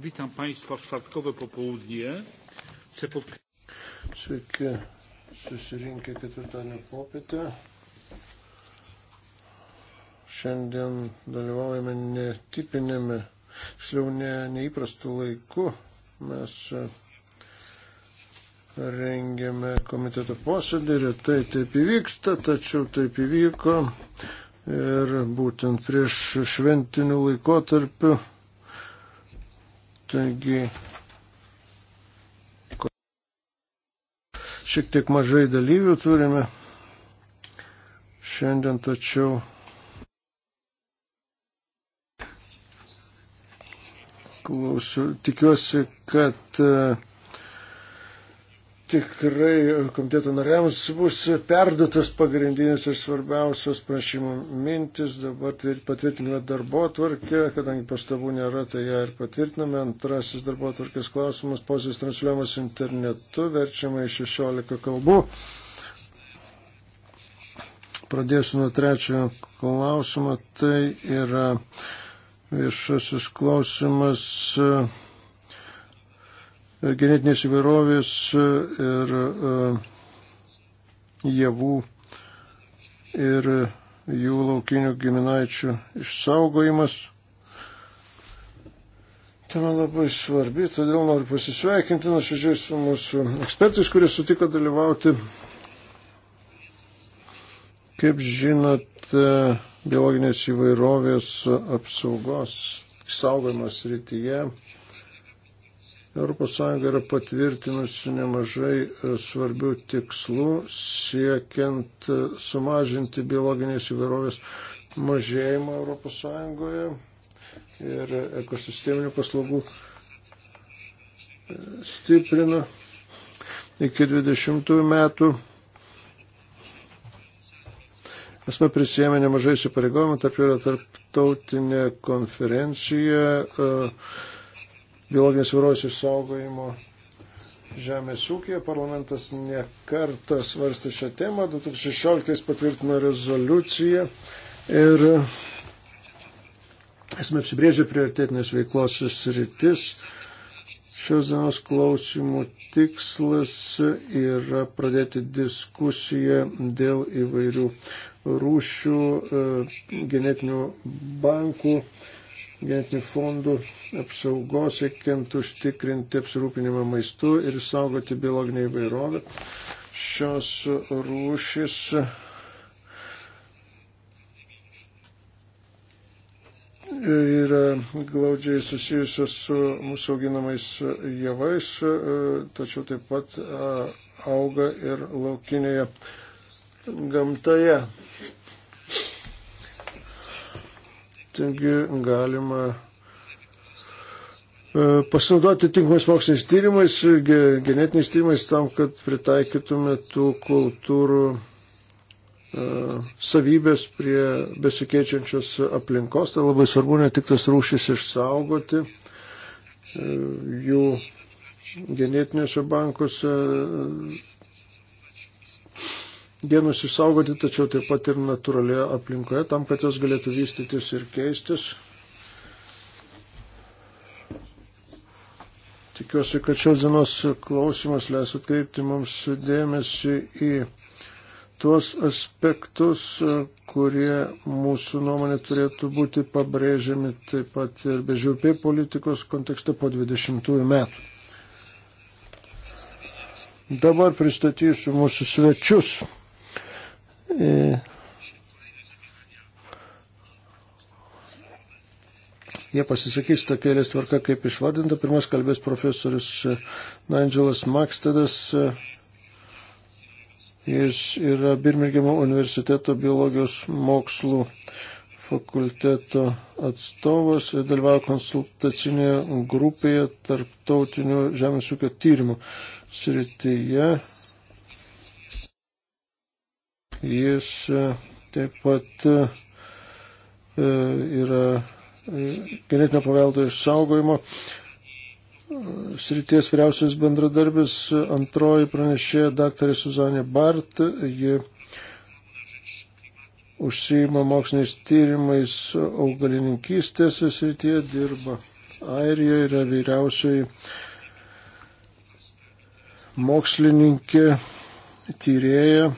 Witam Państwa w czwartkowe popołudnie. Chcę podkreślić. Sveiki, susirinkę ketvirtadienio popietę. Šiandien dalyvaujame netipinėme, tiksliau ne, neįprastų laikų. Mes e, rengėme komiteto posėdį ir tai taip įvyksta, tačiau taip įvyko. Ir būtent prieš šventinių laikotarpių Taigi, šiek tiek mažai dalyvių turime šiandien, tačiau klausiu, tikiuosi, kad uh, tikrai komiteto nariams bus perduotas pagrindinis ir svarbiausios prašymų mintis. Dabar patvirtinime darbo tvarkę, kadangi pastabų nėra, tai ją ir patvirtiname. Antrasis darbo tvarkės klausimas - posės transliuojamas internetu, verčiama į 16 kalbų. Pradėsiu nuo trečiojo klausimo. Tai yra viešasis klausimas. Uh, E, genetinės įvairovės e, ir e, javų ir jų laukinių giminaičių išsaugojimas. Tema tai labai svarbi, todėl noriu pasisveikinti nuoširdžiai su mūsų ekspertais, kurie sutiko dalyvauti. Kaip žinot, biologinės įvairovės apsaugos išsaugojimas rytyje ES yra patvirtinusi nemažai e, svarbių tikslų siekiant e, sumažinti biologinės įvairovės mažėjimą ES ir ekosisteminių paslaugų e, stiprina iki 20 metų. Esame prisėmę nemažai įsipareigojimų, tarp jų yra tarptautinė konferencija. Uh, biologinės vyros išsaugojimo žemės ūkija. Parlamentas nekartą svarstė šią temą, 2016 patvirtino rezoliuciją ir esame apsibrėžę prioritetinės veiklos sritis. Šios dienos klausimų tikslas yra pradėti diskusiją dėl įvairių rūšių e, genetinių bankų genetinių fondų apsaugos, siekiant užtikrinti apsirūpinimą maistu ir saugoti biologinę įvairovę. Šios rūšis yra glaudžiai susijusios su mūsų auginamais javais, tačiau taip pat auga ir laukinėje gamtoje. Taigi galima e, pasinaudoti tinkamais moksliniais tyrimais, genetiniais tyrimais tam, kad pritaikytume tų kultūrų e, savybės prie besikeičiančios aplinkos. Tai labai svarbu ne tik tas rūšis išsaugoti, e, jų genetinėse bankuose genus išsaugoti, tačiau taip pat ir natūralioje aplinkoje, tam, kad jos galėtų vystytis ir keistis. Tikiuosi, kad šios dienos klausimas leis atkreipti mums dėmesį į tuos aspektus, kurie mūsų nuomonė turėtų būti pabrėžiami taip pat ir bežiūpė politikos kontekste po 20 metų. Dabar pristatysiu mūsų svečius. E, jie pasisakys tokia eilės tvarka, kaip išvardinta. Pirmas kalbės profesorius e, Nigel Makstedas. E, jis yra Birmingemo universiteto biologijos mokslų fakulteto atstovas ir dalyvavo konsultacinėje grupėje tarptautinių žemės ūkio tyrimų srityje. Jis e, taip pat e, e, yra genetinio paveldo išsaugojimo srities vyriausias bendradarbis, antroji pranešėja daktarė Suzanė Bart, ji užsijima moksliniais tyrimais augalininkystės srityje, dirba Airijoje, yra vyriausioji mokslininkė, tyrėja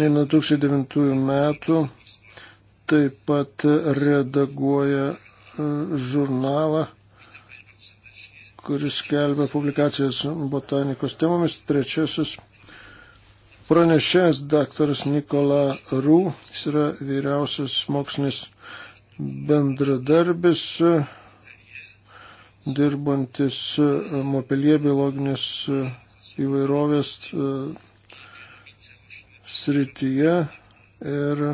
Ir nuo 2009 metų taip pat redaguoja e, žurnalą, kuris skelbia publikacijas botanikos temomis. Trečiasis pranešėjas daktaras Nikola Rū, jis yra vyriausias mokslinis bendradarbis, e, dirbantis e, Mopelie biologinės įvairovės srityje ir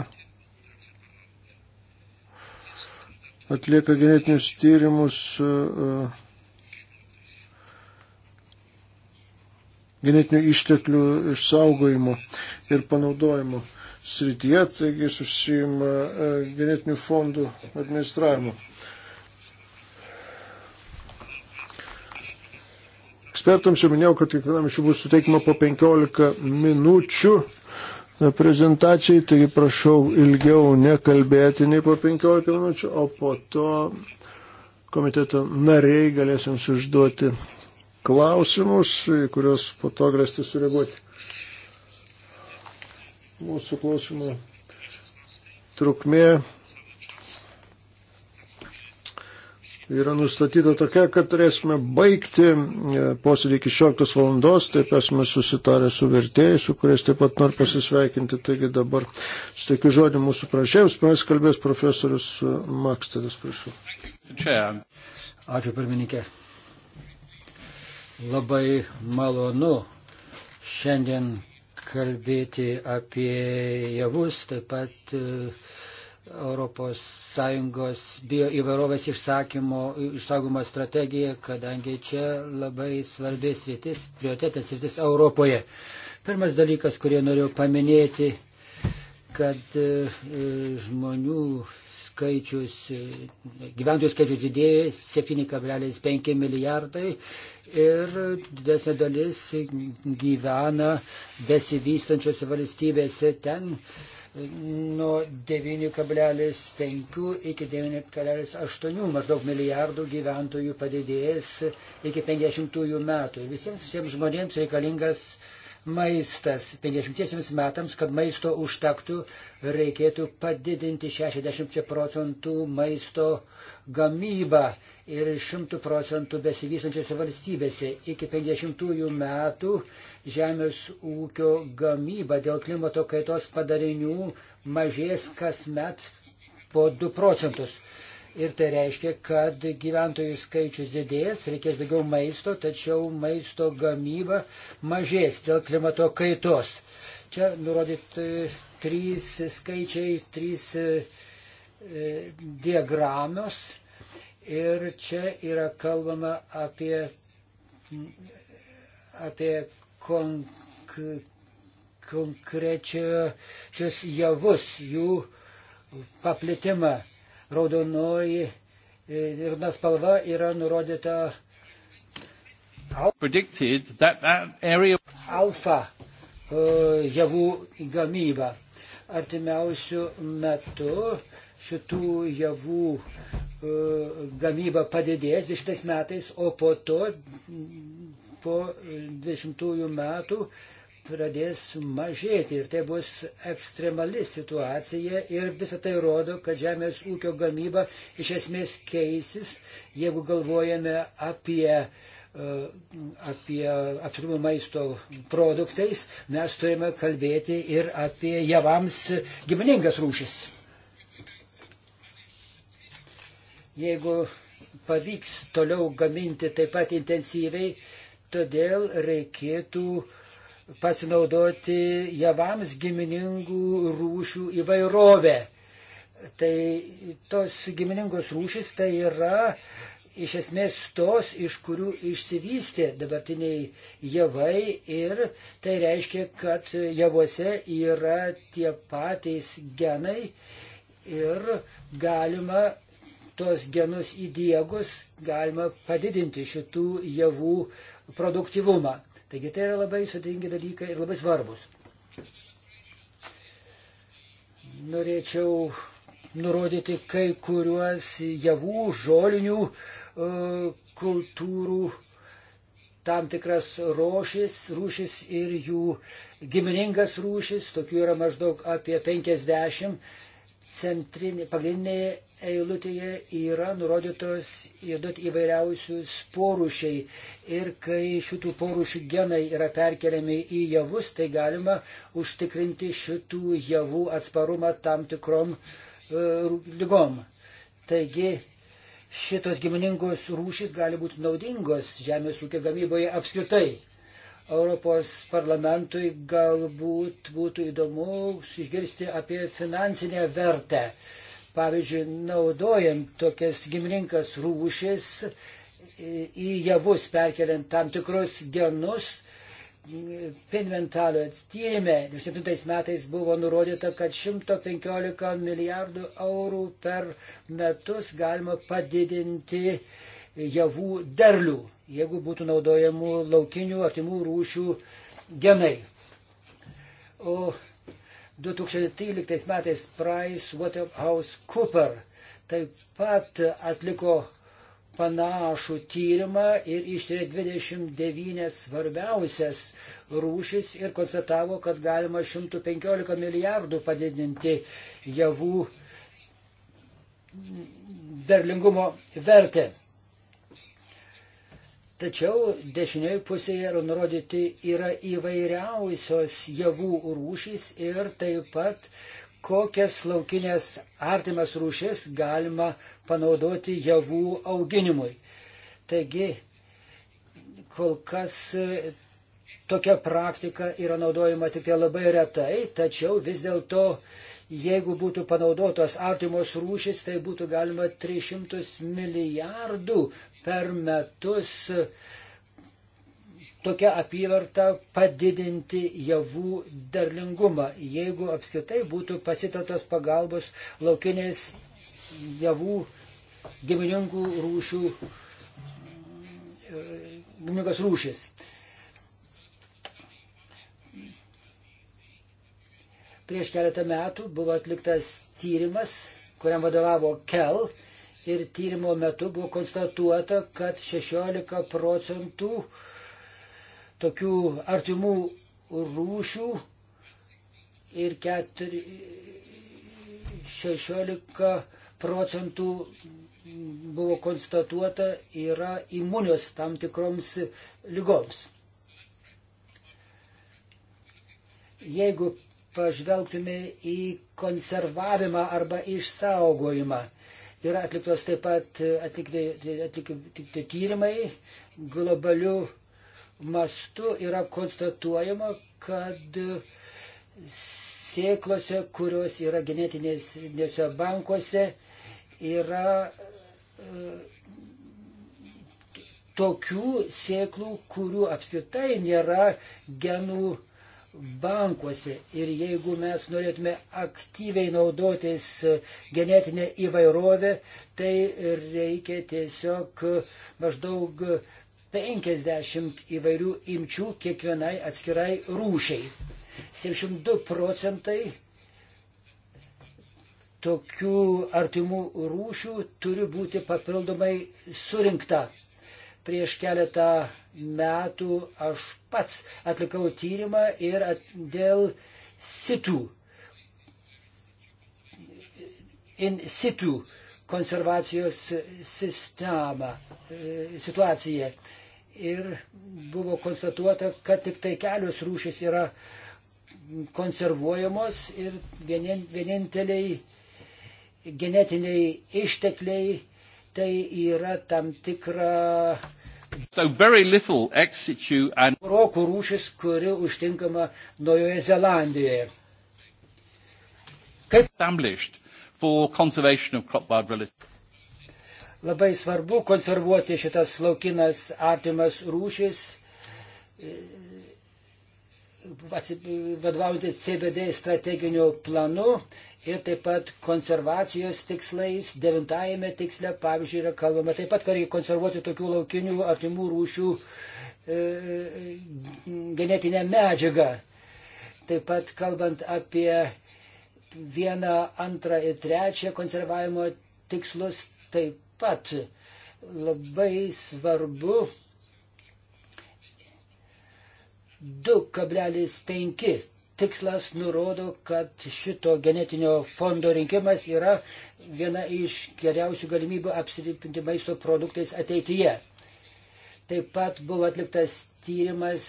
atlieka genetinius tyrimus e, genetinių išteklių išsaugojimo ir panaudojimo srityje, taigi susijima e, genetinių fondų administravimu. Ekspertams jau minėjau, kad kiekvienam iš jų bus suteikima po 15 minučių prezentacijai, taigi prašau ilgiau nekalbėti nei po 15 minučių, o po to komiteto nariai galės jums užduoti klausimus, į kuriuos po to galėsite sureaguoti. Mūsų klausimų trukmė yra nustatyta tokia, kad turėsime baigti e, posėdį iki 16 valandos, taip esame susitarę su vertėjais, su kuriais taip pat noriu pasisveikinti. Taigi dabar suteikiu žodį mūsų prašėjams, pirmas kalbės profesorius Maksteris, prašau. Ačiū pirmininkė. Labai malonu šiandien kalbėti apie javus, taip pat uh, ES bioįvairovės išsaugumo strategija, kadangi čia labai svarbi sritis, prioritetas sritis Europoje. Pirmas dalykas, kurį norėjau paminėti, kad e, e, žmonių skaičius, e, gyventojų skaičius didėja 7,5 milijardai ir didesnė dalis gyvena besivystančiose valstybėse ten nuo 9,5 iki 9,8 maždaug milijardų gyventojų padidėjęs iki 50 metų. Visiems šiems žmonėms reikalingas uh, maistas 50 metams, kad maisto užtektų, reikėtų padidinti 60 procentų maisto gamybą ir 100 procentų besivysančiose valstybėse. Iki 50 metų žemės ūkio gamyba dėl klimato kaitos padarinių mažės kasmet po 2 procentus. Ir tai reiškia, kad gyventojų skaičius didės, reikės daugiau maisto, tačiau maisto gamyba mažės dėl klimato kaitos. Čia nurodyti trys skaičiai, trys e, diagramos. Ir čia yra kalbama apie, apie konk, konkrečius javus, jų paplitimą raudonoji e, raudona spalva yra nurodyta alfa e, javų gamyba. Artimiausių metų šitų javų e, gamyba padidės iš tais metais, o po to, po 20 metų, pradės mažėti ir tai bus ekstremali situacija ir visą tai rodo, kad žemės ūkio gamyba iš esmės keisis, jeigu galvojame apie e, apie apsirūpinimą maisto produktais, mes turime kalbėti ir apie javams giminingas rūšis. Jeigu pavyks toliau gaminti taip pat intensyviai, todėl reikėtų uh, pasinaudoti javams giminingų rūšių įvairovę. Tai tos giminingos rūšys tai yra iš esmės tos, iš kurių išsivystė dabartiniai javai ir tai reiškia, kad javuose yra tie patys genai ir galima tos genus įdiegus, galima padidinti šitų javų produktivumą. Taigi tai yra labai sudėtingi dalykai ir labai svarbus. Norėčiau nurodyti kai kuriuos javų, žolinių e, kultūrų tam tikras rošis, rūšis ir jų giminingas rūšis, tokių yra maždaug apie 50 centrinė, pagrindinėje eilutėje yra nurodytos įvairiausių porušiai. Ir kai šitų porušių genai yra perkeliami į javus, tai galima užtikrinti šitų javų atsparumą tam tikrom uh, lygom. Taigi šitos giminingos rūšys gali būti naudingos žemės ūkio gamyboje apskritai. Europos parlamentui galbūt būtų įdomu išgirsti apie finansinę vertę. Pavyzdžiui, naudojant tokias gimrinkas rūšis į javus, perkeliant tam tikrus genus, Pinventalio tyrimė 27 metais buvo nurodyta, kad 115 milijardų eurų per metus galima padidinti javų derlių jeigu būtų naudojamų laukinių artimų rūšių genai. O 2013 metais Price Waterhouse Cooper taip pat atliko panašų tyrimą ir ištyrė 29 svarbiausias rūšis ir konstatavo, kad galima 115 milijardų padidinti javų derlingumo vertę. Tačiau dešinėje pusėje yra nurodyti yra įvairiausios javų rūšys ir taip pat kokias laukinės artimas rūšis galima panaudoti javų auginimui. Taigi, kol kas tokia praktika yra naudojama tik tai labai retai, tačiau vis dėlto, jeigu būtų panaudotos artimos rūšis, tai būtų galima 300 milijardų per metus tokia apyvarta padidinti javų derlingumą, jeigu apskritai būtų pasitatos pagalbos laukinės javų gimininkų rūšių, e, gimininkos rūšis. Prieš keletą metų buvo atliktas tyrimas, kuriam vadovavo KEL ir tyrimo metu buvo konstatuota, kad 16 procentų tokių artimų rūšių ir 4, 16 procentų buvo konstatuota yra imunios tam tikroms lygoms. Jeigu pažvelgtume į konservavimą arba išsaugojimą. Yra atliktos taip pat e, e, atlikti, atlikti tyrimai globalių mastu yra konstatuojama, kad sėklose, kurios yra genetinėse bankuose, yra e, tokių sėklų, kurių apskritai nėra genų bankuose. Ir jeigu mes norėtume aktyviai naudotis genetinę įvairovę, tai reikia tiesiog maždaug 50 įvairių imčių kiekvienai atskirai rūšiai. 72 procentai tokių artimų rūšių turi būti papildomai surinkta. Prieš keletą metų aš pats atlikau tyrimą ir at, dėl sitų, in sitų konservacijos sistemą, e, situaciją. Ir buvo konstatuota, kad tik tai kelios rūšis yra konservuojamos ir vieninteliai genetiniai ištekliai tai yra tam tikra So and... Rokų rūšis, kuri užtinkama Naujoje Zelandijoje. Kaip Labai svarbu konservuoti šitas laukinas artimas rūšis, e, vadovaujantis CBD strateginiu planu ir taip pat konservacijos tikslais. Devintajame tiksle, pavyzdžiui, yra kalbama taip pat, kad reikia konservuoti tokių laukinių artimų rūšių e, genetinę medžiagą. Taip pat kalbant apie vieną, antrą ir trečią konservavimo tikslus, taip pat labai svarbu 2,5 tikslas nurodo, kad šito genetinio fondo rinkimas yra viena iš geriausių galimybių apsirūpinti maisto produktais ateityje. Taip pat buvo atliktas tyrimas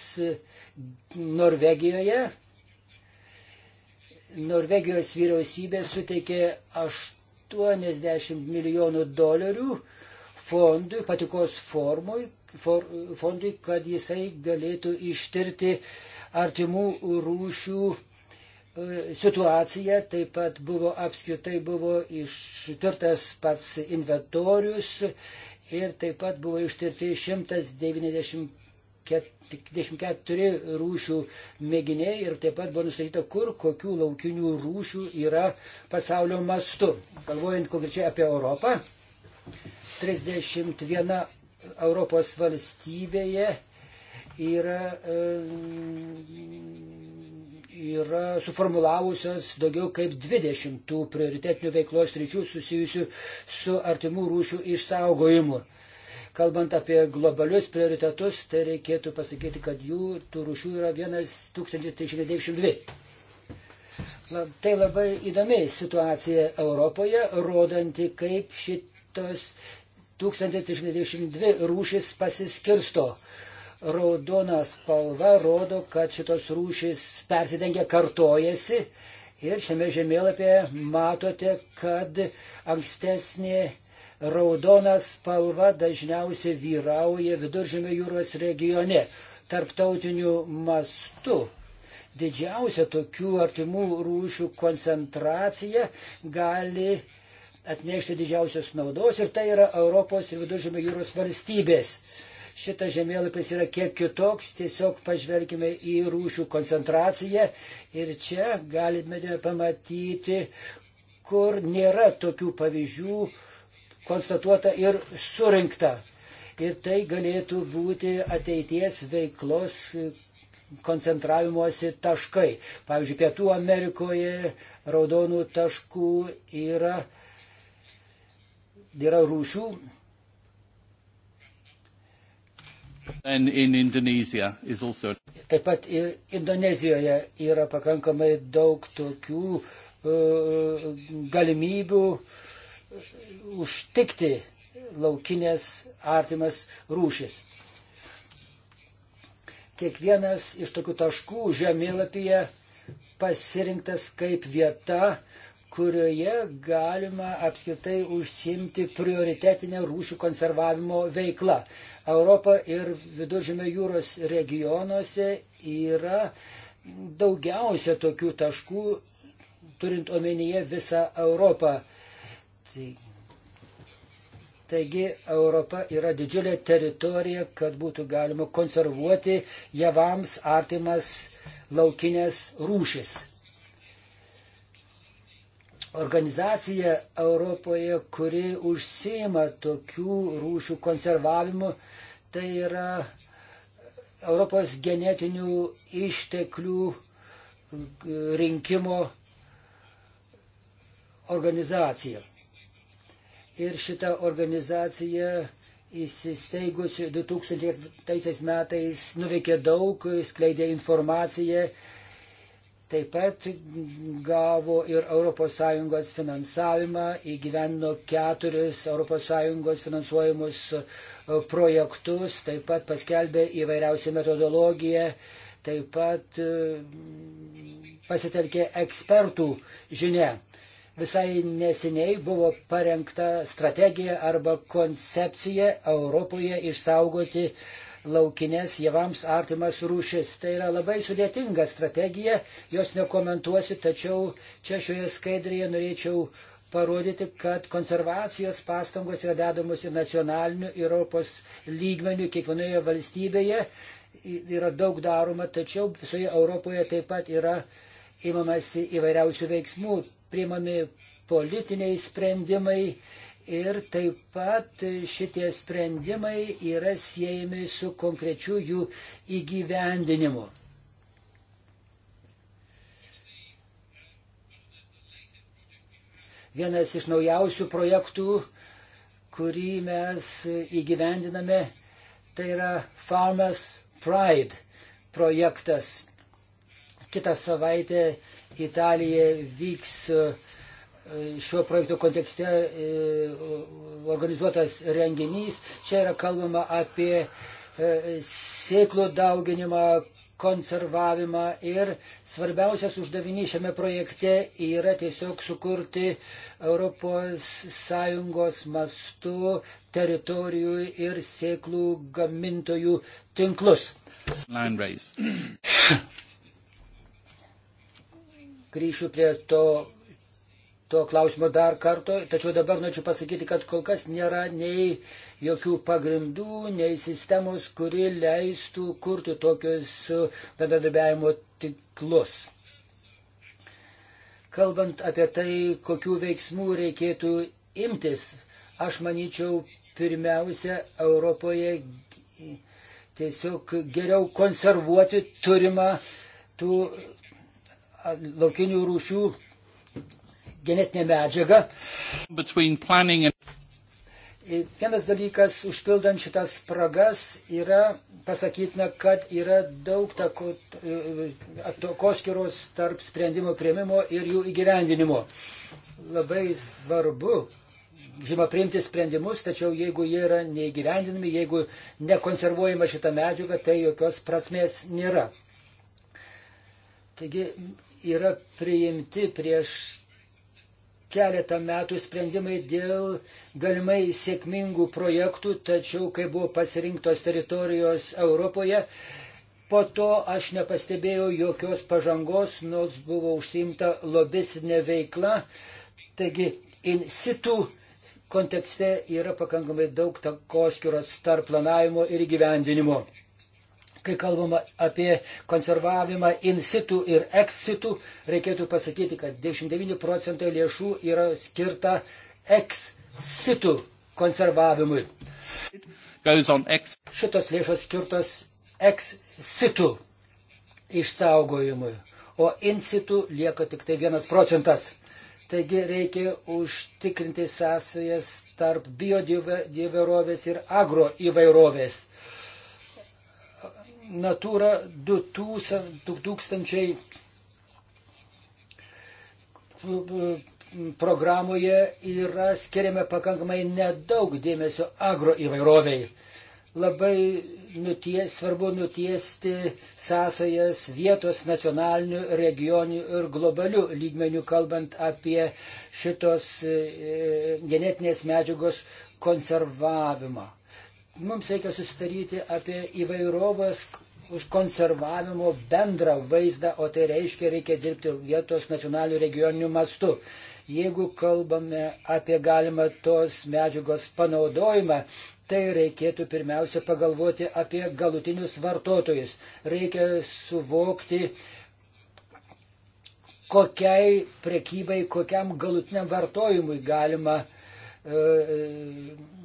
Norvegijoje. Norvegijos vyriausybė suteikė 80 milijonų dolerių fondui, patikos formui, fondui, kad jisai galėtų ištirti artimų rūšių e, situacija, taip pat buvo apskritai buvo ištirtas pats inventorius ir taip pat buvo ištirti 194 rūšių mėginiai ir taip pat buvo nustatyta, kur kokių laukinių rūšių yra pasaulio mastu. Galvojant konkrečiai apie Europą, 31 Europos valstybėje yra, e, yra suformulavusios daugiau kaip 20 tų prioritetinių veiklos ryčių susijusių su artimų rūšių išsaugojimu. Kalbant apie globalius prioritetus, tai reikėtų pasakyti, kad jų tų rūšių yra 1392. Tai labai įdomi situacija Europoje, rodanti, kaip šitos 1322 rūšis pasiskirsto. Raudona spalva rodo, kad šitos rūšys persidengia, kartojasi. Ir šiame žemėlapyje matote, kad ankstesnė raudona spalva dažniausiai vyrauja viduržėmio jūros regione. Tarptautiniu mastu didžiausia tokių artimų rūšių koncentracija gali atnešti didžiausios naudos ir tai yra Europos ir viduržymio jūros valstybės. Šitas žemėlapis yra kiek kitoks, tiesiog pažvelgime į rūšių koncentraciją ir čia galime pamatyti, kur nėra tokių pavyzdžių konstatuota ir surinkta. Ir tai galėtų būti ateities veiklos koncentravimuose taškai. Pavyzdžiui, Pietų Amerikoje raudonų taškų yra yra rūšių. In also... Taip pat ir Indonezijoje yra pakankamai daug tokių uh, galimybių e, užtikti laukinės artimas rūšis. Kiekvienas iš tokių taškų žemėlapyje pasirinktas kaip vieta, kurioje galima apskritai užsimti prioritetinę rūšių konservavimo veiklą. Europa ir Viduržėmio jūros regionuose yra daugiausia tokių taškų, turint omenyje visą Europą. Tai- Taigi Europa yra didžiulė teritorija, kad būtų galima konservuoti javams artimas laukinės rūšis organizacija Europoje, kuri užsima tokių rūšių konservavimu. Tai yra Europos genetinių išteklių rinkimo organizacija. Ir šita organizacija įsisteigusi 2004 metais nuveikė daug, skleidė informaciją taip pat gavo ir ES finansavimą, įgyvendino keturis ES finansuojamus e, projektus, taip pat paskelbė įvairiausią metodologiją, taip pat e, pasitelkė ekspertų žinia. Visai nesiniai buvo parengta strategija arba koncepcija Europoje išsaugoti uh, laukinės javams artimas rūšis. Tai yra labai sudėtinga strategija, jos nekomentuosiu, tačiau čia šioje skaidrėje norėčiau parodyti, kad konservacijos pastangos yra dedamos ir nacionaliniu, ir Europos lygmeniu kiekvienoje valstybėje. Yra daug daroma, tačiau visoje Europoje taip pat yra imamasi įvairiausių veiksmų, priimami politiniai sprendimai, ir taip pat šitie sprendimai yra siejami su konkrečiu jų įgyvendinimu. Vienas iš naujausių projektų, kurį mes įgyvendiname, tai yra Farmers Pride projektas. Kitą savaitę Italija vyks uh, šio projekto kontekste e, organizuotas renginys. Čia yra kalbama apie e, sėklų dauginimą, konservavimą ir svarbiausias uždavinys šiame projekte yra tiesiog sukurti ES mastu teritorijų ir sėklų gamintojų tinklus. Grįšiu prie to to klausimo dar karto, tačiau dabar norėčiau pasakyti, kad kol kas nėra nei jokių pagrindų, nei sistemos, kuri leistų kurti tokius uh, bendradarbiavimo tiklus. Kalbant apie tai, kokių veiksmų reikėtų imtis, aš manyčiau, pirmiausia, Europoje tiesiog geriau konservuoti turimą tų laukinių rūšių genetinę medžiagą. And... Vienas dalykas, užpildant šitas spragas, yra pasakytina, kad yra daug e, koskiros tarp sprendimo prieimimo ir jų įgyvendinimo. Labai svarbu, žinoma, priimti sprendimus, tačiau jeigu jie yra neįgyvendinami, jeigu nekonservuojama šita medžiaga, tai jokios prasmės nėra. Taigi yra priimti prieš keletą metų sprendimai dėl galimai sėkmingų projektų, tačiau kai buvo pasirinktos teritorijos Europoje, po to aš nepastebėjau jokios pažangos, nors buvo užsiimta lobistinė veikla. Taigi, in situ kontekste yra pakankamai daug takoskiros tarp planavimo ir gyvendinimo. Kai kalbama apie konservavimą in situ ir ex situ, reikėtų pasakyti, kad 99 procentai lėšų yra skirta ex situ konservavimui. Šitos lėšos skirtos ex situ išsaugojimui, o in situ lieka tik tai vienas procentas. Taigi reikia užtikrinti sąsajas tarp biodiverovės ir agroįvairovės. Natūra 2000 e, programoje yra skiriama pakankamai nedaug dėmesio agroįvairoviai. Labai nuties, svarbu nutiesti sąsajas vietos nacionalinių, regionių ir globalių lygmenių, kalbant apie šitos e, genetinės medžiagos konservavimą. Mums reikia susitaryti apie įvairovės užkonservavimo bendrą vaizdą, o tai reiškia, reikia dirbti vietos nacionalių regioninių mastų. Jeigu kalbame apie galimą tos medžiagos panaudojimą, tai reikėtų pirmiausia pagalvoti apie galutinius vartotojus. Reikia suvokti, kokiai prekybai, kokiam galutiniam vartojimui galima e, e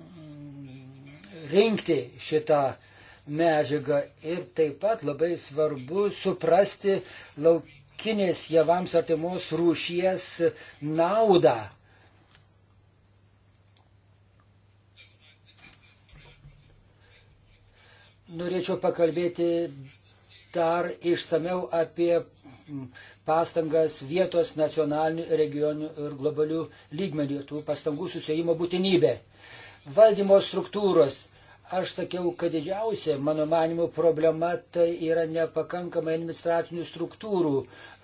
rinkti šitą medžiagą ir taip pat labai svarbu suprasti laukinės javams artimos rūšies naudą. Norėčiau pakalbėti dar išsameu apie pastangas vietos nacionalinių, regionių ir globalių lygmenių, tų pastangų susijimo būtinybė. Valdymo struktūros Aš sakiau, kad didžiausia, mano manimo, problema tai yra nepakankamai administracinių struktūrų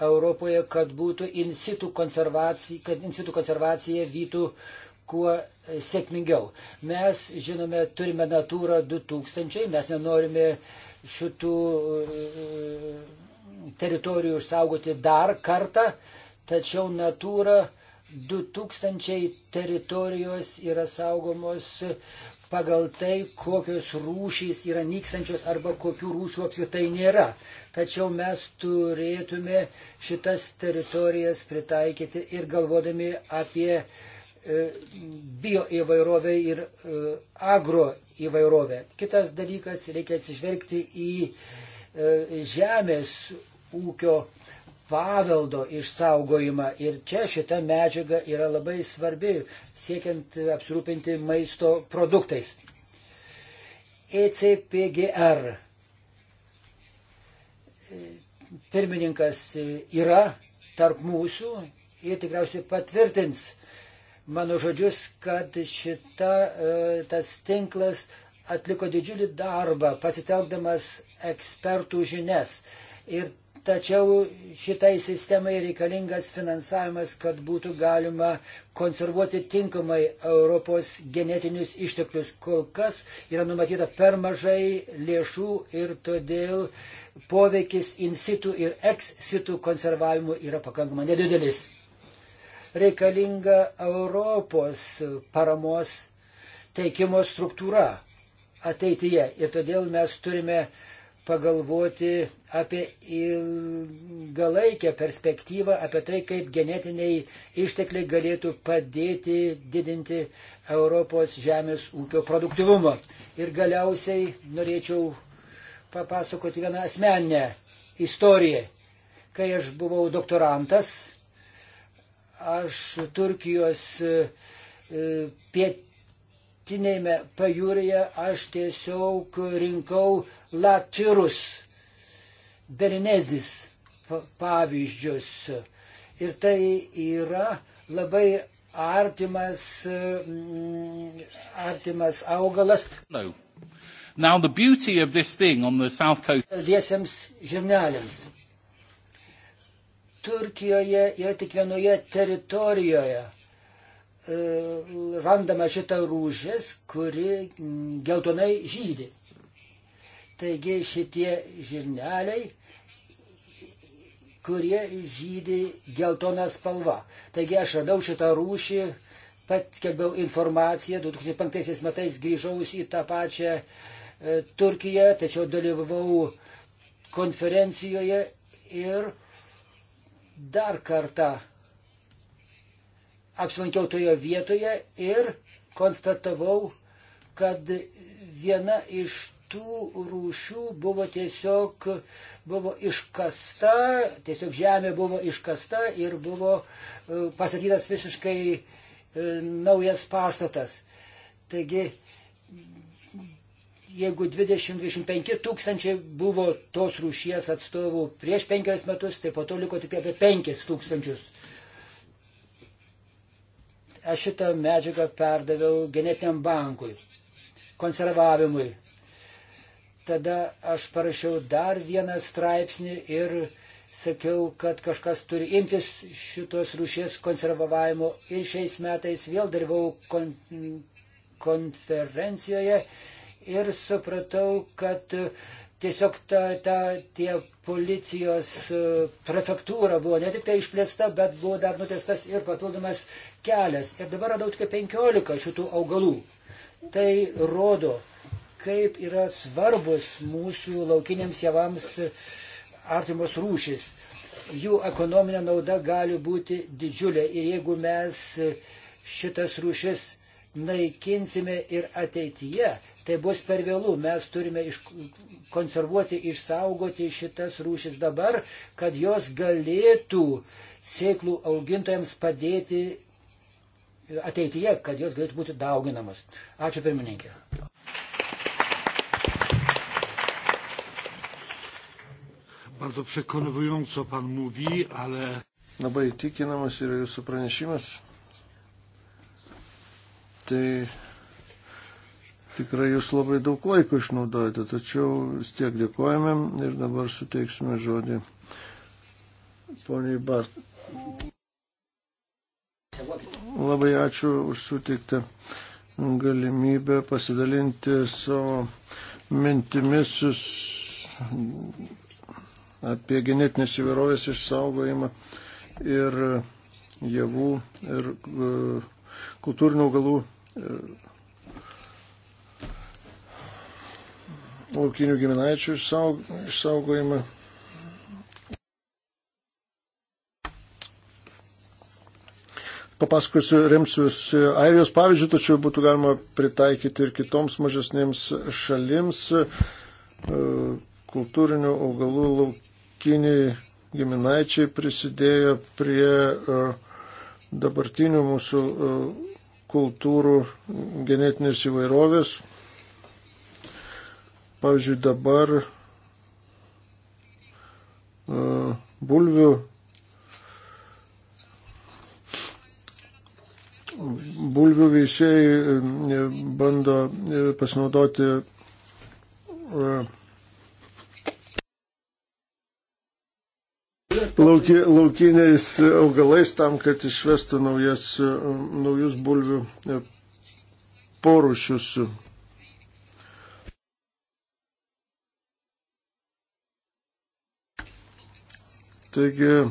Europoje, kad būtų in situ konservacija, kad in situ konservacija vytų kuo sėkmingiau. Mes, žinome, turime Natūrą 2000, mes nenorime šitų e, e, teritorijų išsaugoti dar kartą, tačiau Natūra 2000 teritorijos yra saugomos pagal tai, kokios rūšys yra nykstančios arba kokių rūšių apskritai nėra. Tačiau mes turėtume šitas teritorijas pritaikyti ir galvodami apie e, bio įvairovę ir e, agro įvairovę. Kitas dalykas, reikia atsižvelgti į e, žemės ūkio paveldo išsaugojimą. Ir čia šita medžiaga yra labai svarbi, siekiant apsirūpinti maisto produktais. ECPGR pirmininkas yra tarp mūsų ir tikriausiai patvirtins mano žodžius, kad šita, e, tas tinklas atliko didžiulį darbą, pasitelkdamas ekspertų žinias. Ir Tačiau šitai sistemai reikalingas finansavimas, kad būtų galima konservuoti tinkamai Europos genetinius išteklius. Kol kas yra numatyta per mažai lėšų ir todėl poveikis in situ ir ex situ konservavimu yra pakankamai nedidelis. Reikalinga Europos paramos teikimo struktūra ateityje ir todėl mes turime uh, pagalvoti apie ilgalaikę perspektyvą, apie tai, kaip genetiniai ištekliai galėtų padėti didinti Europos žemės ūkio produktivumą. Ir galiausiai norėčiau papasakoti vieną asmeninę istoriją. Kai aš buvau doktorantas, aš Turkijos e, piet pietinėme pajūryje aš tiesiog rinkau latyrus, berinezis pavyzdžius. Ir tai yra labai artimas, mm, artimas augalas. No. Now the beauty of this thing on the south coast. Liesiams žirneliams. Turkijoje yra tik vienoje teritorijoje E, randame šitą rūšis, kuri geltonai žydė. Taigi šitie žirneliai, kurie žydė geltoną spalvą. Taigi aš radau šitą rūšį, paskelbiau informaciją, 2005 metais grįžau į tą pačią e, Turkiją, tačiau dalyvavau konferencijoje ir dar kartą apsilankiau toje vietoje ir konstatavau, kad viena iš tų rūšių buvo tiesiog buvo iškasta, tiesiog žemė buvo iškasta ir buvo e, pastatytas visiškai e, naujas pastatas. Taigi, jeigu 20-25 tūkstančiai buvo tos rūšies atstovų prieš penkerius metus, tai po to liko tik apie 5 tūkstančius. Aš šitą medžiagą perdaviau genetiniam bankui, konservavimui. Tada aš parašiau dar vieną straipsnį ir sakiau, kad kažkas turi imtis šitos rūšies konservavimo ir šiais metais vėl dalyvau kon konferencijoje ir supratau, kad uh, tiesiog ta, ta, tie policijos e, prefektūra buvo ne tik tai išplėsta, bet buvo dar nutestas ir papildomas kelias. Ir dabar radau tik 15 šitų augalų. Tai rodo, kaip yra svarbus mūsų laukiniams javams artimos rūšis. Jų ekonominė nauda gali būti didžiulė ir jeigu mes šitas rūšis naikinsime ir ateityje, tai bus per vėlų. Mes turime iš, konservuoti, išsaugoti šitas rūšis dabar, kad jos galėtų sėklų augintojams padėti ateityje, kad jos galėtų būti dauginamos. Ačiū pirmininkė. Bardzo przekonująco pan mówi, ale. Labai įtikinamas yra jūsų pranešimas. Tai Tikrai jūs labai daug laiko išnaudojate, tačiau vis tiek dėkojame ir dabar suteiksime žodį poniai Bart. Labai ačiū už suteiktą galimybę pasidalinti savo mintimis apie genetinės įvairovės išsaugojimą ir javų ir e, kultūrinių augalų e, laukinių giminaičių išsaug, išsaugojimą. Papasakosiu, remsiuos Airijos pavyzdžių, tačiau būtų galima pritaikyti ir kitoms mažesnėms šalims e, kultūrinių augalų laukiniai giminaičiai prisidėjo prie e, dabartinių mūsų e, kultūrų genetinės įvairovės Pavyzdžiui, dabar bulvių bulvių veisėjai e, bando e, pasinaudoti lauki, laukiniais augalais tam, kad išvestų naujas, naujus bulvių e, porušius. Taigi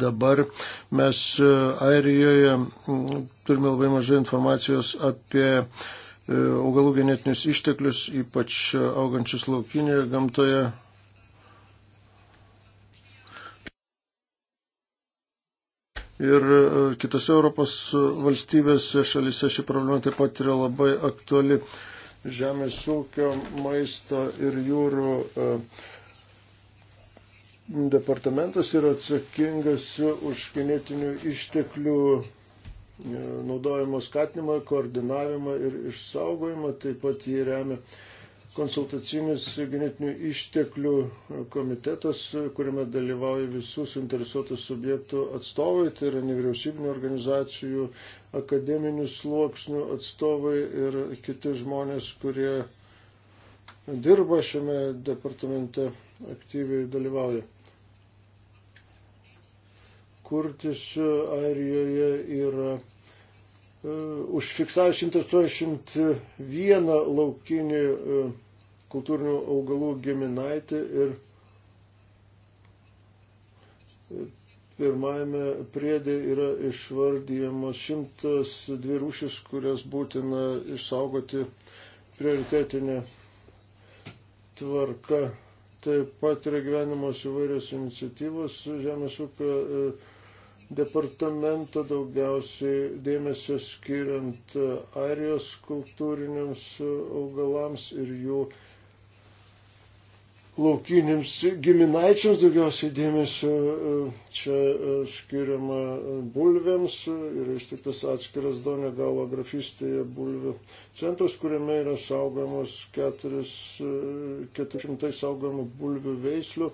dabar mes e, Airijoje turime labai mažai informacijos apie e, augalų genetinius išteklius, ypač e, augančius laukinėje gamtoje. Ir kitose Europos valstybėse šalise ši problema taip pat yra labai aktuali žemės ūkio, maisto ir jūrų departamentas yra atsakingas už genetinių išteklių e, naudojimo skatinimą, koordinavimą ir išsaugojimą. Taip pat jį remia konsultacinis genetinių išteklių komitetas, kuriame dalyvauja visų suinteresuotų subjektų atstovai, tai yra nevyriausybinio organizacijų, akademinių sluoksnių atstovai ir kiti žmonės, kurie dirba šiame departamente aktyviai dalyvauja kurtis e, Airijoje yra e, užfiksavęs 181 laukinį e, kultūrinių augalų giminaitį ir pirmajame priedė yra išvardyjamos 102 rūšis, kurias būtina išsaugoti prioritetinė tvarka. Taip pat yra gyvenimos įvairios iniciatyvos žemės ūkio e, departamento daugiausiai dėmesio skiriant arijos kultūriniams augalams ir jų laukiniams giminaičiams daugiausiai dėmesio e, čia e, skiriama bulvėms ir ištiktas atskiras Donė galo grafystėje bulvių centras, kuriame yra saugomos 400 e, saugomų bulvių veislių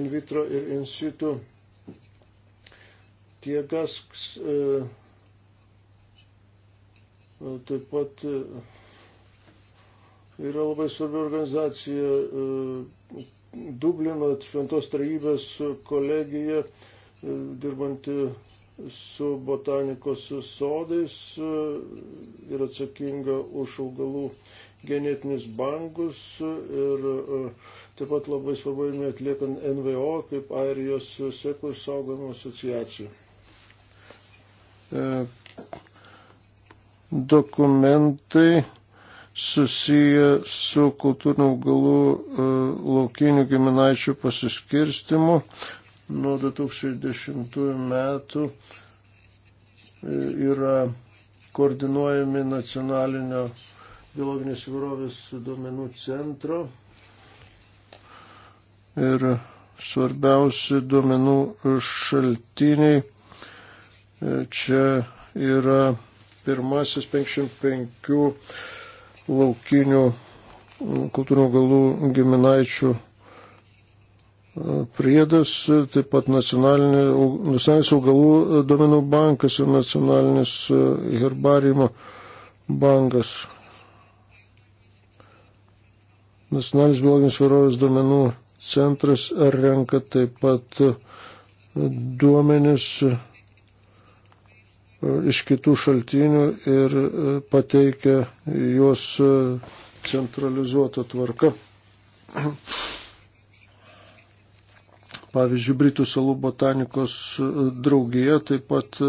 in vitro ir in situ Tie, kas e, e, taip pat e, yra labai svarbi organizacija Dublino šventos trejybės kolegija, dirbanti su botanikos sodais ir atsakinga už augalų genetinius bankus ir taip pat labai svarbu atliekant NVO kaip Airijos sėklų saugojimo asociacija. E, dokumentai susiję su kultūrinių augalų e, laukinių giminaičių pasiskirstimu nuo 2010 metų e, yra koordinuojami nacionalinio biologinės įvairovės duomenų centro ir svarbiausi duomenų šaltiniai Čia yra pirmasis 55 laukinių kultūrinių galų giminaičių e, priedas, taip pat nacionalinis augalų e, domenų bankas ir nacionalinis e, herbarimo bankas. Nacionalinis biologinis vairovės domenų centras renka taip pat duomenis iš kitų šaltinių ir e, pateikia juos e, centralizuota tvarka. Pavyzdžiui, Britų salų botanikos e, draugija taip pat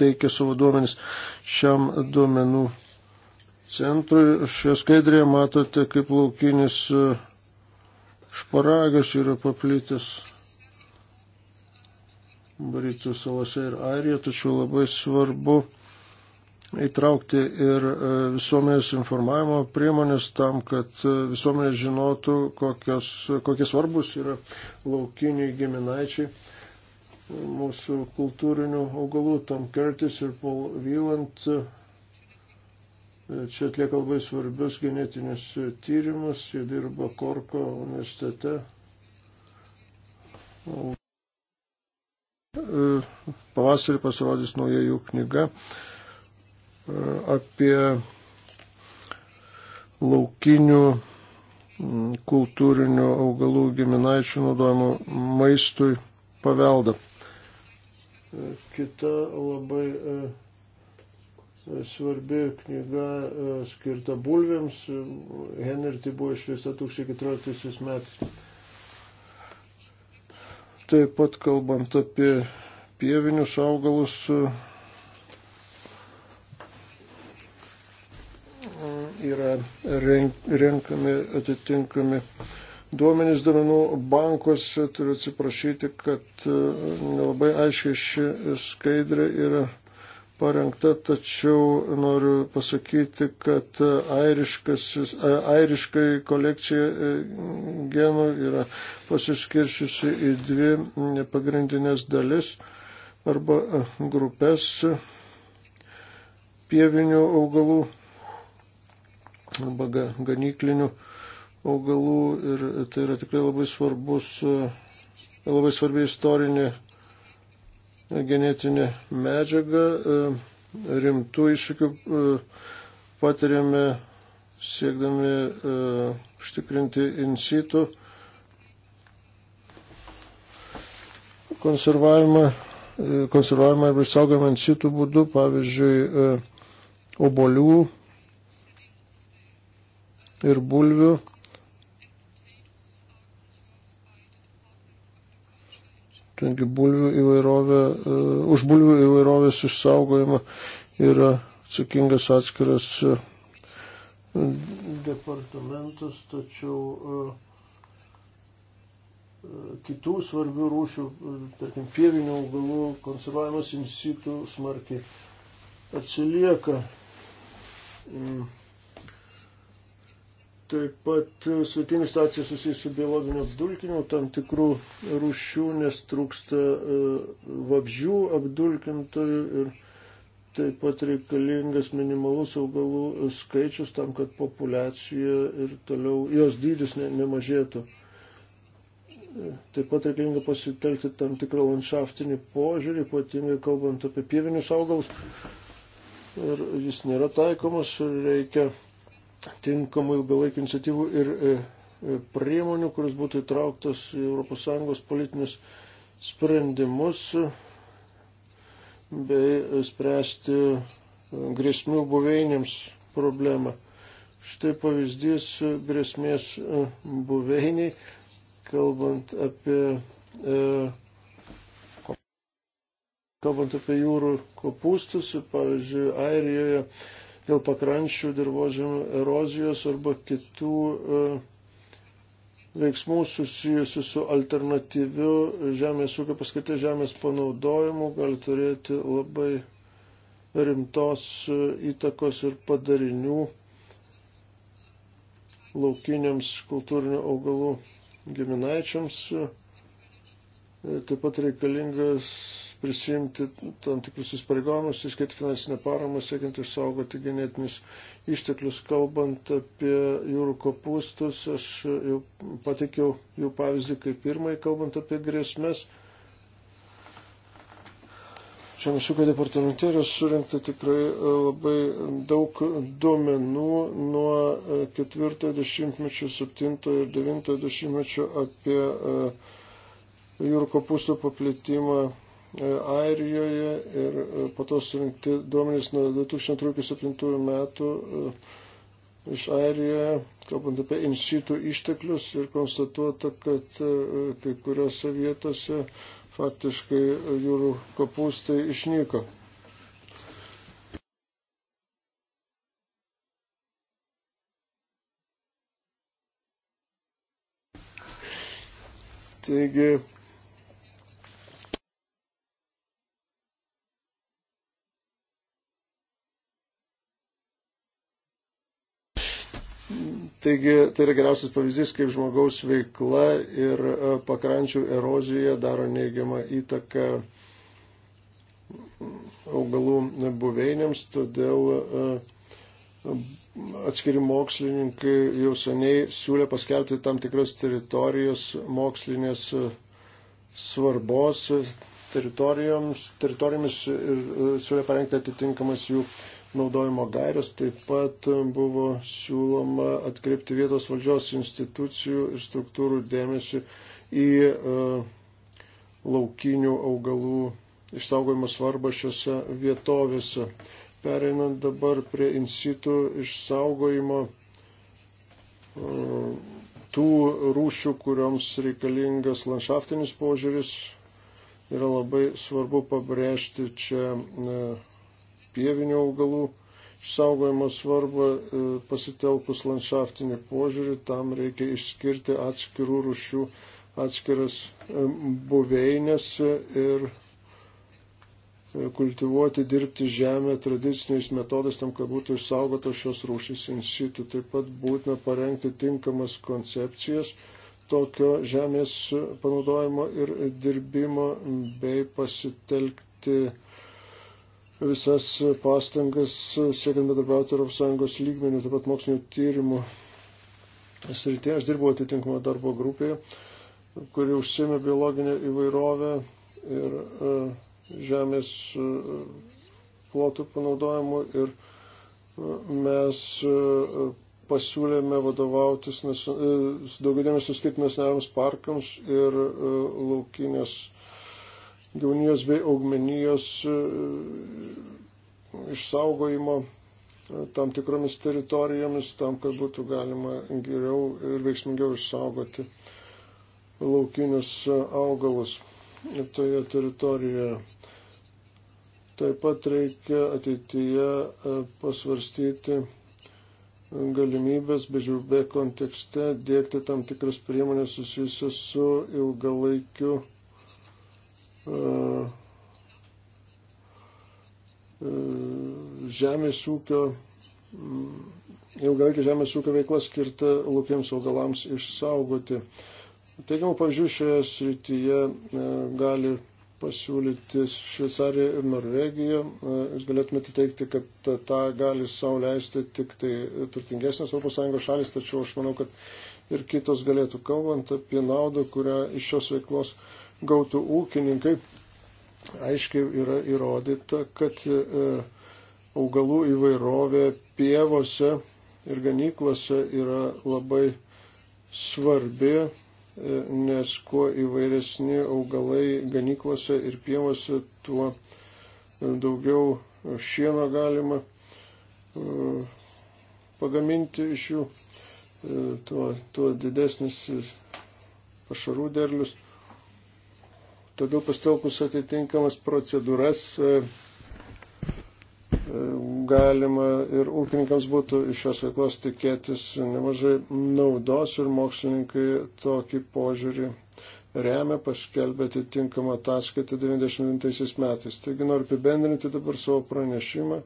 teikia savo duomenis šiam duomenų centrui. Šioje skaidrėje matote, kaip laukinis šparagas yra paplitęs. Britų salose ir Airija, tačiau labai svarbu įtraukti ir e, visuomenės informavimo priemonės tam, kad e, visuomenė žinotų, kokios, kokie svarbus yra laukiniai giminaičiai mūsų kultūrinių augalų, tam Curtis ir Paul Vyland. E, čia atlieka labai svarbius genetinius tyrimus, jie dirba Korko universitete. E, pavasarį pasirodys nauja jų knyga e, apie laukinių kultūrinių augalų giminaičių naudojimų maistui paveldą. E, kita labai svarbi knyga skirta bulvėms. Henerti buvo išvesta 2014 metais. Taip pat kalbant apie pievinius augalus, yra renkami atitinkami duomenys duomenų bankuose. Turiu atsiprašyti, kad e, nelabai aiškiai ši skaidrė yra parengta, tačiau noriu pasakyti, kad airiškai kolekcija e, genų yra pasiskiršiusi į dvi pagrindinės dalis arba e, grupės pievinių augalų arba ganyklinių augalų ir tai yra tikrai labai svarbus, e, labai svarbi istorinė genetinė medžiaga. E, rimtų iššūkių e, patiriame siekdami e, užtikrinti in situ konservavimą, konservavimą arba išsaugojimą in situ būdu, pavyzdžiui, obolių ir bulvių Taigi bulvių įvairovė, e, už bulvių įvairovės išsaugojimą yra atsakingas atskiras e, departamentas, tačiau e, kitų svarbių rūšių, tarkim, pievinių augalų konservavimas institu smarkiai atsilieka. Mm Taip pat sudėtinė situacija susijusi su biologiniu apdulkinimu tam tikrų rūšių, nes trūksta e, vabžių apdulkintojų ir taip pat reikalingas minimalus augalų skaičius tam, kad populiacija ir toliau jos dydis ne, nemažėtų. E, taip pat reikalinga pasitelkti tam tikrą landšaftinį požiūrį, ypatingai kalbant apie pievinius augalus. Ir jis nėra taikomas, reikia tinkamų ilgalaikių iniciatyvų ir e, e, priemonių, kuris būtų įtrauktas į ES politinius sprendimus bei spręsti e, grėsmių buveinėms problemą. Štai pavyzdys grėsmės buveiniai, kalbant apie, e, kalbant apie jūrų kopūstus, pavyzdžiui, Airijoje dėl pakrančių dirbožėmio erozijos arba kitų e, veiksmų susijusių su alternatyviu žemės ūkio paskaitai žemės panaudojimu gali turėti labai rimtos e, įtakos ir padarinių laukiniams kultūrinių augalų giminaičiams. E, taip pat reikalingas prisimti tam tikrus įsipareigojimus, įskait finansinę paramą, siekiant išsaugoti genetinius išteklius. Kalbant apie jūrų kopūstus, aš jau pateikiau jų pavyzdį kaip pirmąjį, kalbant apie grėsmės. Žemės ūkio departamente yra surinkta tikrai e, labai daug duomenų nuo 40-mečio, e, 7 ir 90-mečio apie e, jūrų kopūstų paplitimą E, Airijoje ir e, po to surinkti duomenys nuo 2007 metų e, iš Airijoje, kalbant apie insitų išteklius ir konstatuota, kad kai kuriuose vietose faktiškai jūrų kopūstai išnyko. Taigi, Taigi tai yra geriausias pavyzdys, kaip žmogaus veikla ir e, pakrančių erozija daro neigiamą įtaką augalų buveinėms, todėl e, atskiri mokslininkai jau seniai siūlė paskelbti tam tikras teritorijos mokslinės e, svarbos teritorijoms, teritorijomis ir siūlė parengti atitinkamas jų naudojimo gairės, taip pat buvo siūloma atkreipti vietos valdžios institucijų ir struktūrų dėmesį į e, laukinių augalų išsaugojimo svarbą šiuose vietovėse. Pereinant dabar prie insitų išsaugojimo e, tų rūšių, kurioms reikalingas landšaftinis požiūris, yra labai svarbu pabrėžti čia e, pievinių augalų išsaugojimo svarbą e, pasitelkus landšaftinį požiūrį, tam reikia išskirti atskirų rušių atskiras e, buveinės ir e, kultivuoti, dirbti žemę tradiciniais metodais, tam, kad būtų išsaugotos šios rūšys insitų. Taip pat būtina parengti tinkamas koncepcijas tokio žemės panaudojimo ir dirbimo bei pasitelkti visas pastangas siekiant bedarbiauti ES lygmenių, taip pat mokslinio tyrimų srityje. Aš dirbau atitinkamo darbo grupėje, kuri užsėmė biologinę įvairovę ir e, žemės e, plotų panaudojimu ir e, mes pasiūlėme vadovautis daugiau dėmesio skirti nacionaliniams parkams ir laukinės gyvūnijos bei augmenijos e, išsaugojimo e, tam tikromis teritorijomis, tam, kad būtų galima geriau ir veiksmingiau išsaugoti laukinius e, augalus toje teritorijoje. Taip pat reikia ateityje pasvarstyti galimybės bežiūbė kontekste dėkti tam tikras priemonės susijusias su ilgalaikiu E, e, žemės ūkio, mm, ilgalaikį žemės ūkio veiklą skirtą laukiems augalams išsaugoti. Teigiamų pavyzdžių šioje srityje e, gali pasiūlyti Šveicarija ir Norvegija. Jūs galėtumėte teikti, kad tą gali sauliaisti tik tai turtingesnės ES šalis, tačiau aš manau, kad ir kitos galėtų, kalbant apie naudą, kurią iš šios veiklos gautų ūkininkai, aiškiai yra įrodyta, kad e, augalų įvairovė pievose ir ganyklose yra labai svarbi, e, nes kuo įvairesni augalai ganyklose ir pievose, tuo e, daugiau šieno galima pagaminti iš jų, tuo, tuo didesnis pašarų derlius. Todėl pastelkus atitinkamas procedūras e, e, galima ir ūkininkams būtų iš šios veiklos tikėtis nemažai naudos ir mokslininkai tokį požiūrį remia, paskelbė atitinkamą ataskaitą 99 metais. Taigi noriu apibendrinti dabar savo pranešimą,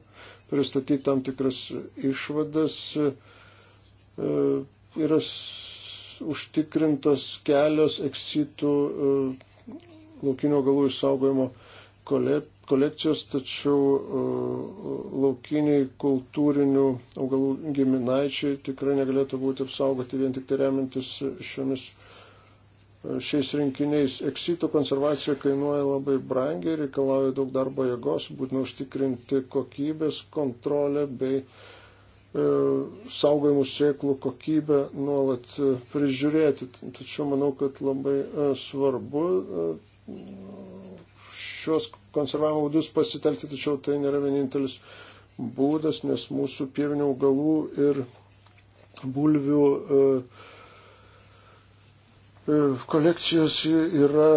pristatyti tam tikras išvadas. E, yra užtikrintos kelios eksitų laukinio galų išsaugojimo kolekcijos, tačiau e, laukiniai kultūrinių augalų giminaičiai tikrai negalėtų būti apsaugoti vien tik tai remintis šiomis e, šiais rinkiniais. Eksito konservacija kainuoja labai brangiai, reikalauja daug darbo jėgos, būtina užtikrinti kokybės kontrolę bei e, saugojimų sėklų kokybę nuolat prižiūrėti. Tačiau manau, kad labai e, svarbu e, šios konservavimo būdus pasitelkti, tačiau tai nėra vienintelis būdas, nes mūsų pievinių augalų ir bulvių e, e, kolekcijos yra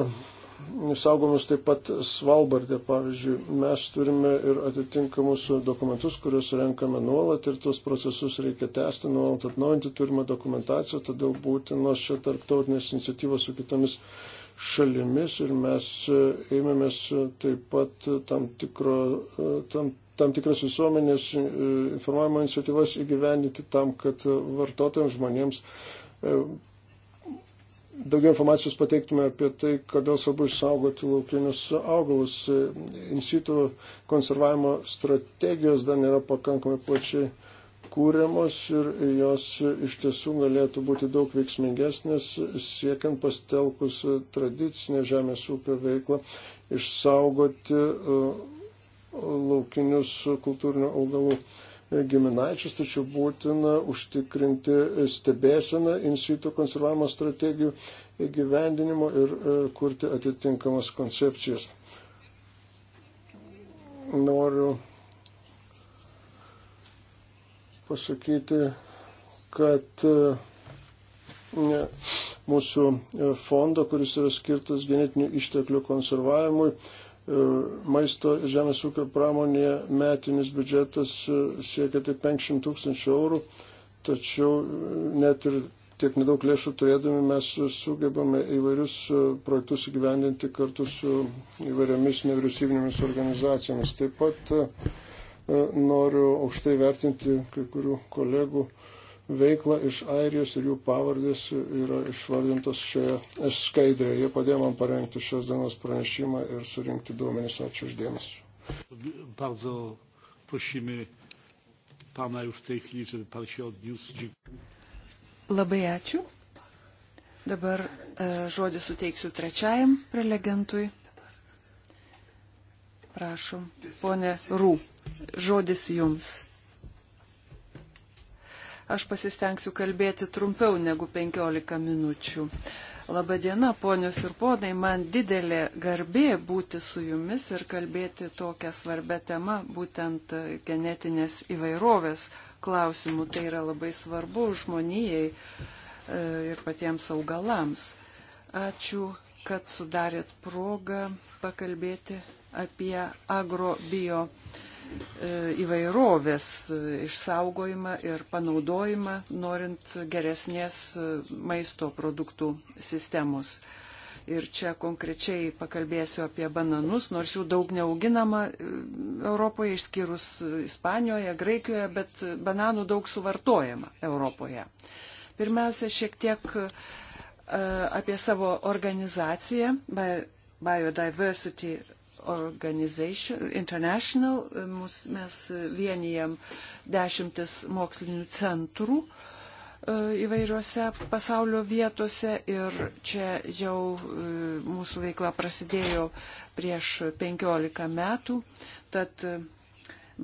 saugomus taip pat Svalbardė, pavyzdžiui, mes turime ir atitinkamus dokumentus, kuriuos renkame nuolat ir tuos procesus reikia tęsti, nuolat atnaujinti turimą dokumentaciją, todėl būtinos čia tarptautinės iniciatyvos su kitomis šalimis ir mes e, ėmėmės e, taip pat e, tam, tikro, tam, tam tikras visuomenės informavimo iniciatyvas įgyvendinti tam, kad vartotojams žmonėms daugiau informacijos pateiktume apie tai, kodėl svarbu išsaugoti laukinius augalus. Insitų konservavimo strategijos dar nėra pakankamai plačiai kūriamos ir jos iš tiesų galėtų būti daug veiksmingesnės, siekiant pastelkus tradicinę žemės ūkio veiklą, išsaugoti uh, laukinius kultūrinio augalų giminaičius, tačiau būtina užtikrinti stebėseną institu konservavimo strategijų įgyvendinimo ir uh, kurti atitinkamas koncepcijas. Noriu pasakyti, kad e, ne, mūsų e, fondo, kuris yra skirtas genetinių išteklių konservavimui, e, maisto žemės ūkio pramonėje metinis biudžetas siekia tik 500 tūkstančių eurų, tačiau net ir tiek nedaug lėšų turėdami mes sugebame įvairius projektus įgyvendinti kartu su įvairiomis nevyriausybinėmis organizacijomis. Taip pat E, noriu aukštai vertinti kai kurių kolegų veiklą iš Airijos ir jų pavardės yra išvardintos šioje skaidrėje. Jie padėjo man parengti šios dienos pranešimą ir surinkti duomenys. Ačiū uždėmesi. Bardzo prosimy pana już w tej chwili, żeby pan się odniósł. Labai ačiū. Dabar e, žodį suteiksiu trečiajam prelegentui. Prašom, ponė Rū žodis jums. Aš pasistengsiu kalbėti trumpiau negu 15 minučių. Labadiena, ponios ir ponai, man didelė garbė būti su jumis ir kalbėti tokią svarbę temą, būtent genetinės įvairovės klausimų. Tai yra labai svarbu žmonijai e, ir patiems augalams. Ačiū, kad sudarėt progą pakalbėti apie agrobio E, įvairovės išsaugojimą ir panaudojimą, norint geresnės e, maisto produktų sistemos. Ir čia konkrečiai pakalbėsiu apie bananus, nors jų daug neauginama e, Europoje, išskyrus Ispanijoje, Graikijoje, bet bananų daug suvartojama Europoje. Pirmiausia, šiek tiek apie savo organizaciją Biodiversity Organization International, e, mus, mes vienijam dešimtis mokslinių centrų e, įvairiuose pasaulio vietose ir čia jau e, mūsų veikla prasidėjo prieš 15 metų. Tad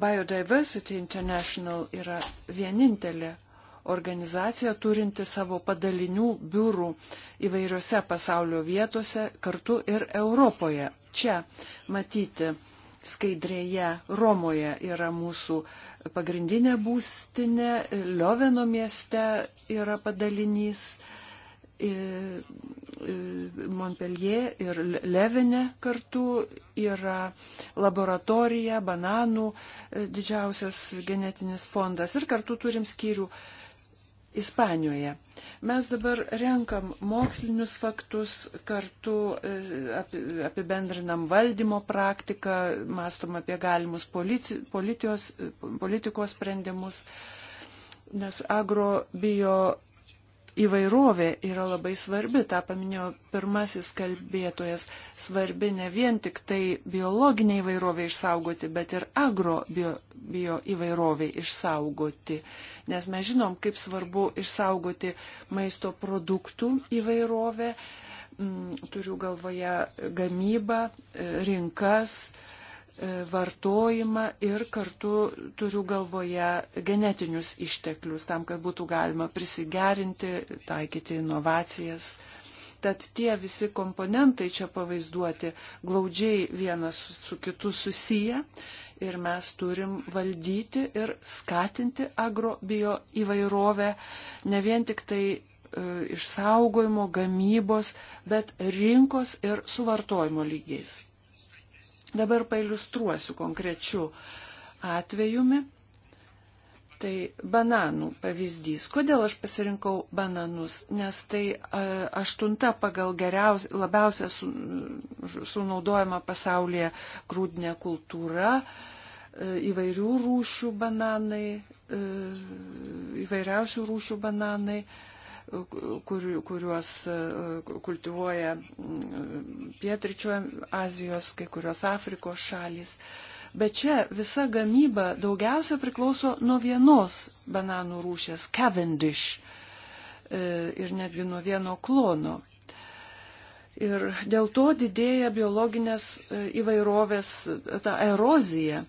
Biodiversity International yra vienintelė organizacija turinti savo padalinių biurų įvairiose pasaulio vietose, kartu ir Europoje čia matyti skaidrėje Romoje yra mūsų pagrindinė būstinė, Lioveno mieste yra padalinys, Montpellier ir Levene kartu yra laboratorija, bananų e, didžiausias genetinis fondas ir kartu turim skyrių Ispanijoje. Mes dabar renkam mokslinius faktus, kartu e, apibendrinam valdymo praktiką, mastom apie galimus politi politijos, politikos sprendimus, nes agrobio įvairovė yra labai svarbi, tą paminėjo pirmasis kalbėtojas, svarbi ne vien tik tai biologinė įvairovė išsaugoti, bet ir agro bio, bio įvairovė išsaugoti. Nes mes žinom, kaip svarbu išsaugoti maisto produktų įvairovę, mm, turiu galvoje gamybą, e, rinkas, E, vartojimą ir kartu turiu galvoje genetinius išteklius tam, kad būtų galima prisigerinti, taikyti inovacijas. Tad tie visi komponentai čia pavaizduoti glaudžiai vienas su kitu susiję ir mes turim valdyti ir skatinti agrobio įvairovę ne vien tik tai e, išsaugojimo, gamybos, bet rinkos ir suvartojimo lygiais. Dabar pailustruosiu konkrečiu atvejumi. Tai bananų pavyzdys. Kodėl aš pasirinkau bananus? Nes tai aštunta pagal geriausia, labiausia sunaudojama pasaulyje grūdinė kultūra, e, įvairių rūšių bananai, e, įvairiausių rūšių bananai kur, kuriuos e, kultivuoja pietričio Azijos, kai kurios Afrikos šalys. Bet čia visa gamyba daugiausia priklauso nuo vienos bananų rūšės - Cavendish e, ir netgi nuo vieno klono. Ir dėl to didėja biologinės e, įvairovės ta erozija.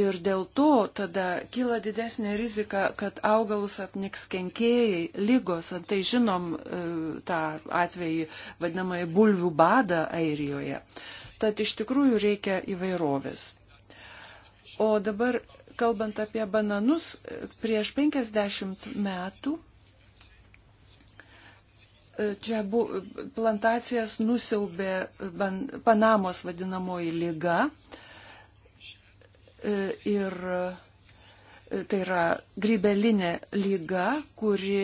Ir dėl to tada kyla didesnė rizika, kad augalus apniks kenkėjai, lygos, antai žinom e, tą atvejį vadinamąjį bulvių badą Airijoje. Tad iš tikrųjų reikia įvairovės. O dabar, kalbant apie bananus, prieš 50 metų e, čia bu, plantacijas nusiaubė ban, Panamos vadinamoji lyga. E, ir e, tai yra grybelinė lyga, kuri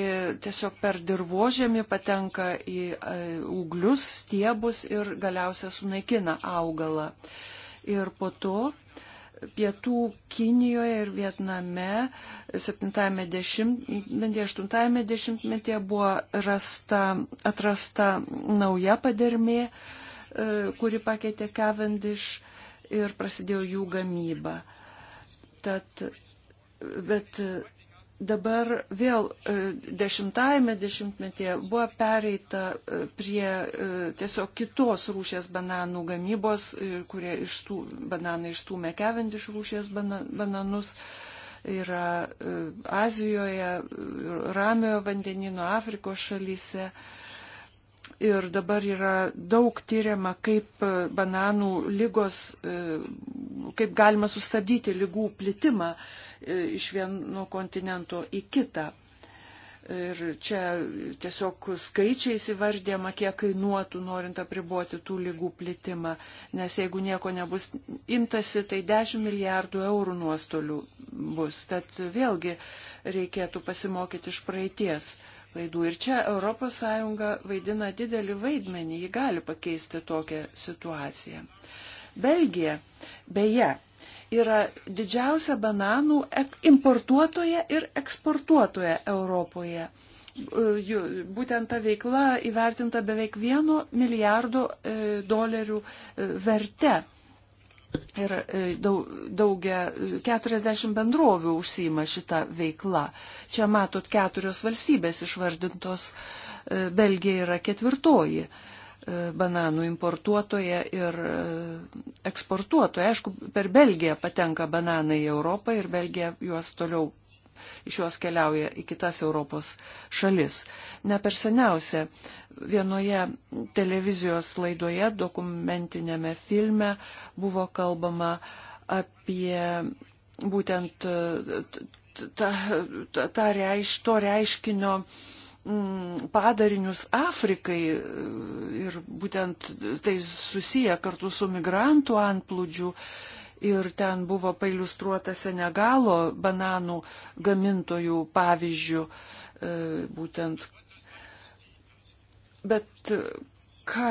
tiesiog per dirbožėmį patenka į e, ūglius, stiebus ir galiausia sunaikina augalą. Ir po to pietų Kinijoje ir Vietname 70-80-metyje dešimt, buvo rasta, atrasta nauja padermė, kuri pakeitė Cavendish ir prasidėjo jų gamyba. Tad, bet dabar vėl e, dešimtajame dešimtmetyje buvo pereita e, prie e, tiesiog kitos rūšės bananų gamybos, kurie iš tų bananai ištūmė kevint iš rūšės bananus. Yra Azijoje, Ramiojo vandenino, Afrikos šalyse. Uh, ir dabar yra daug tyriama, kaip e, bananų lygos, e, kaip galima sustabdyti lygų plitimą e, iš vieno kontinento į kitą. Ir čia tiesiog skaičiais įvardėma, kiek kainuotų norint apriboti tų lygų plitimą, nes jeigu nieko nebus imtasi, tai 10 milijardų eurų nuostolių bus. Tad vėlgi reikėtų pasimokyti iš praeities. Uh, klaidų. Ir čia ES vaidina didelį vaidmenį, ji gali pakeisti tokią situaciją. Belgija, beje, yra didžiausia bananų importuotoja ir eksportuotoja Europoje. E, būtent ta veikla įvertinta beveik vieno milijardo e, dolerių e, verte Ir e, daug, daugia 40 e, bendrovių užsima šitą veiklą. Čia matot keturios valstybės išvardintos, e, Belgija yra ketvirtoji bananų importuotoja ir eksportuotoja. Aišku, per Belgiją patenka bananai į Europą ir Belgija juos toliau iš juos keliauja į kitas Europos šalis. Ne per seniausia vienoje televizijos laidoje, dokumentinėme filme buvo kalbama apie būtent e, ta, ta, ta reiš, to reiškinio mm, padarinius Afrikai e, ir būtent tai susiję kartu su migrantų antplūdžiu. Ir ten buvo pailustruota Senegalo bananų gamintojų pavyzdžių, e, būtent Bet e, ka,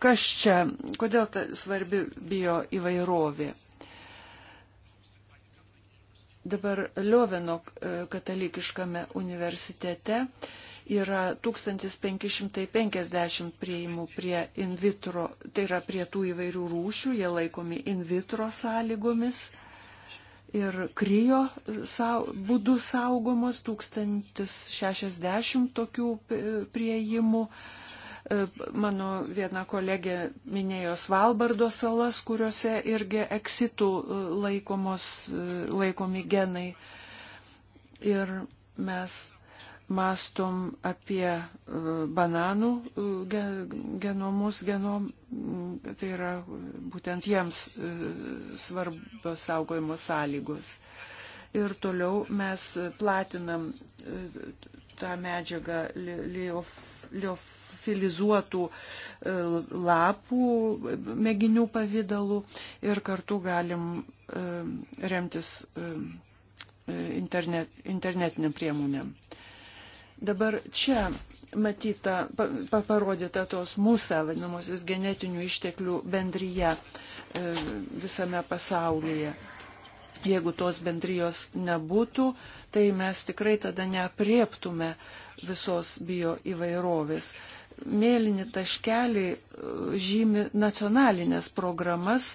kas čia, kodėl ta svarbi bio įvairovė? Dabar Lioveno e, katalikiškame universitete yra 1550 prieimų prie in vitro, tai yra prie tų įvairių rūšių, jie laikomi in vitro sąlygomis ir krijo sau, būdu saugomos 1060 tokių prieimų. E, mano viena kolegė minėjo Svalbardo salas, kuriuose irgi eksitų e, laikomos, e, laikomi genai. Ir mes mastom apie e, bananų e, genomus, genom, tai yra e, būtent jiems svarbios saugojimo sąlygos. Ir toliau mes platinam tą medžiagą liof, liofilizuotų lapų mėginių pavydalų ir kartu galim remtis internet, internetiniam priemonėm. Dabar čia matyta, pa, parodyta tos mūsų vadinamosios genetinių išteklių bendryje e, visame pasaulyje. Jeigu tos bendrijos nebūtų, tai mes tikrai tada neapriektume visos bio įvairovės. Mėlyni taškeliai e, žymi nacionalinės programas,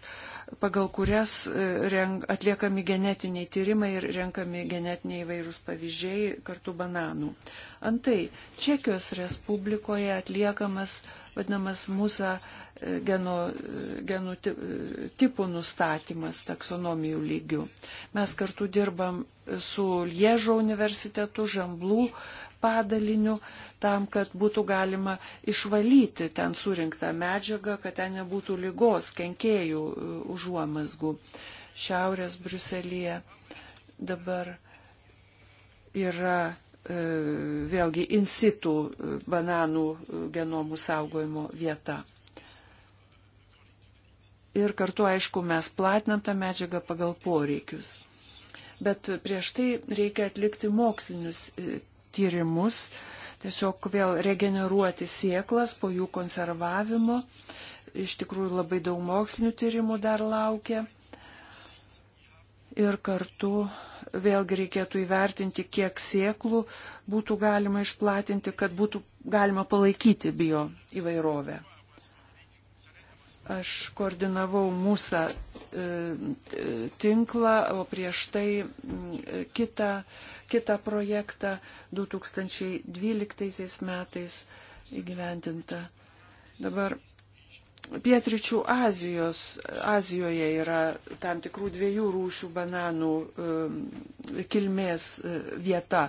pagal kurias e, atliekami genetiniai tyrimai ir renkami genetiniai įvairūs pavyzdžiai kartu bananų. Antai, Čekijos Respublikoje atliekamas vadinamas mūsų e, e, genų, genų tipų nustatymas taksonomijų lygių. Mes kartu dirbam su Liežo universitetu, Žamblų padaliniu tam, kad būtų galima išvalyti ten surinktą medžiagą, kad ten nebūtų lygos, kenkėjų e, užuomasgų. Šiaurės Bruselėje dabar yra e, vėlgi insitų e, bananų genomų saugojimo vieta. Ir kartu, aišku, mes platinam tą medžiagą pagal poreikius. Bet prieš tai reikia atlikti mokslinius tyrimus, tiesiog vėl regeneruoti sieklas po jų konservavimo. Iš tikrųjų labai daug mokslinių tyrimų dar laukia. Ir kartu vėlgi reikėtų įvertinti, kiek sieklų būtų galima išplatinti, kad būtų galima palaikyti bio įvairovę. Aš koordinavau mūsų e, tinklą, o prieš tai kitą, kitą projektą 2012 metais įgyvendintą. Dabar Pietričių Azijos, Azijoje yra tam tikrų dviejų rūšių bananų e, kilmės e, vieta.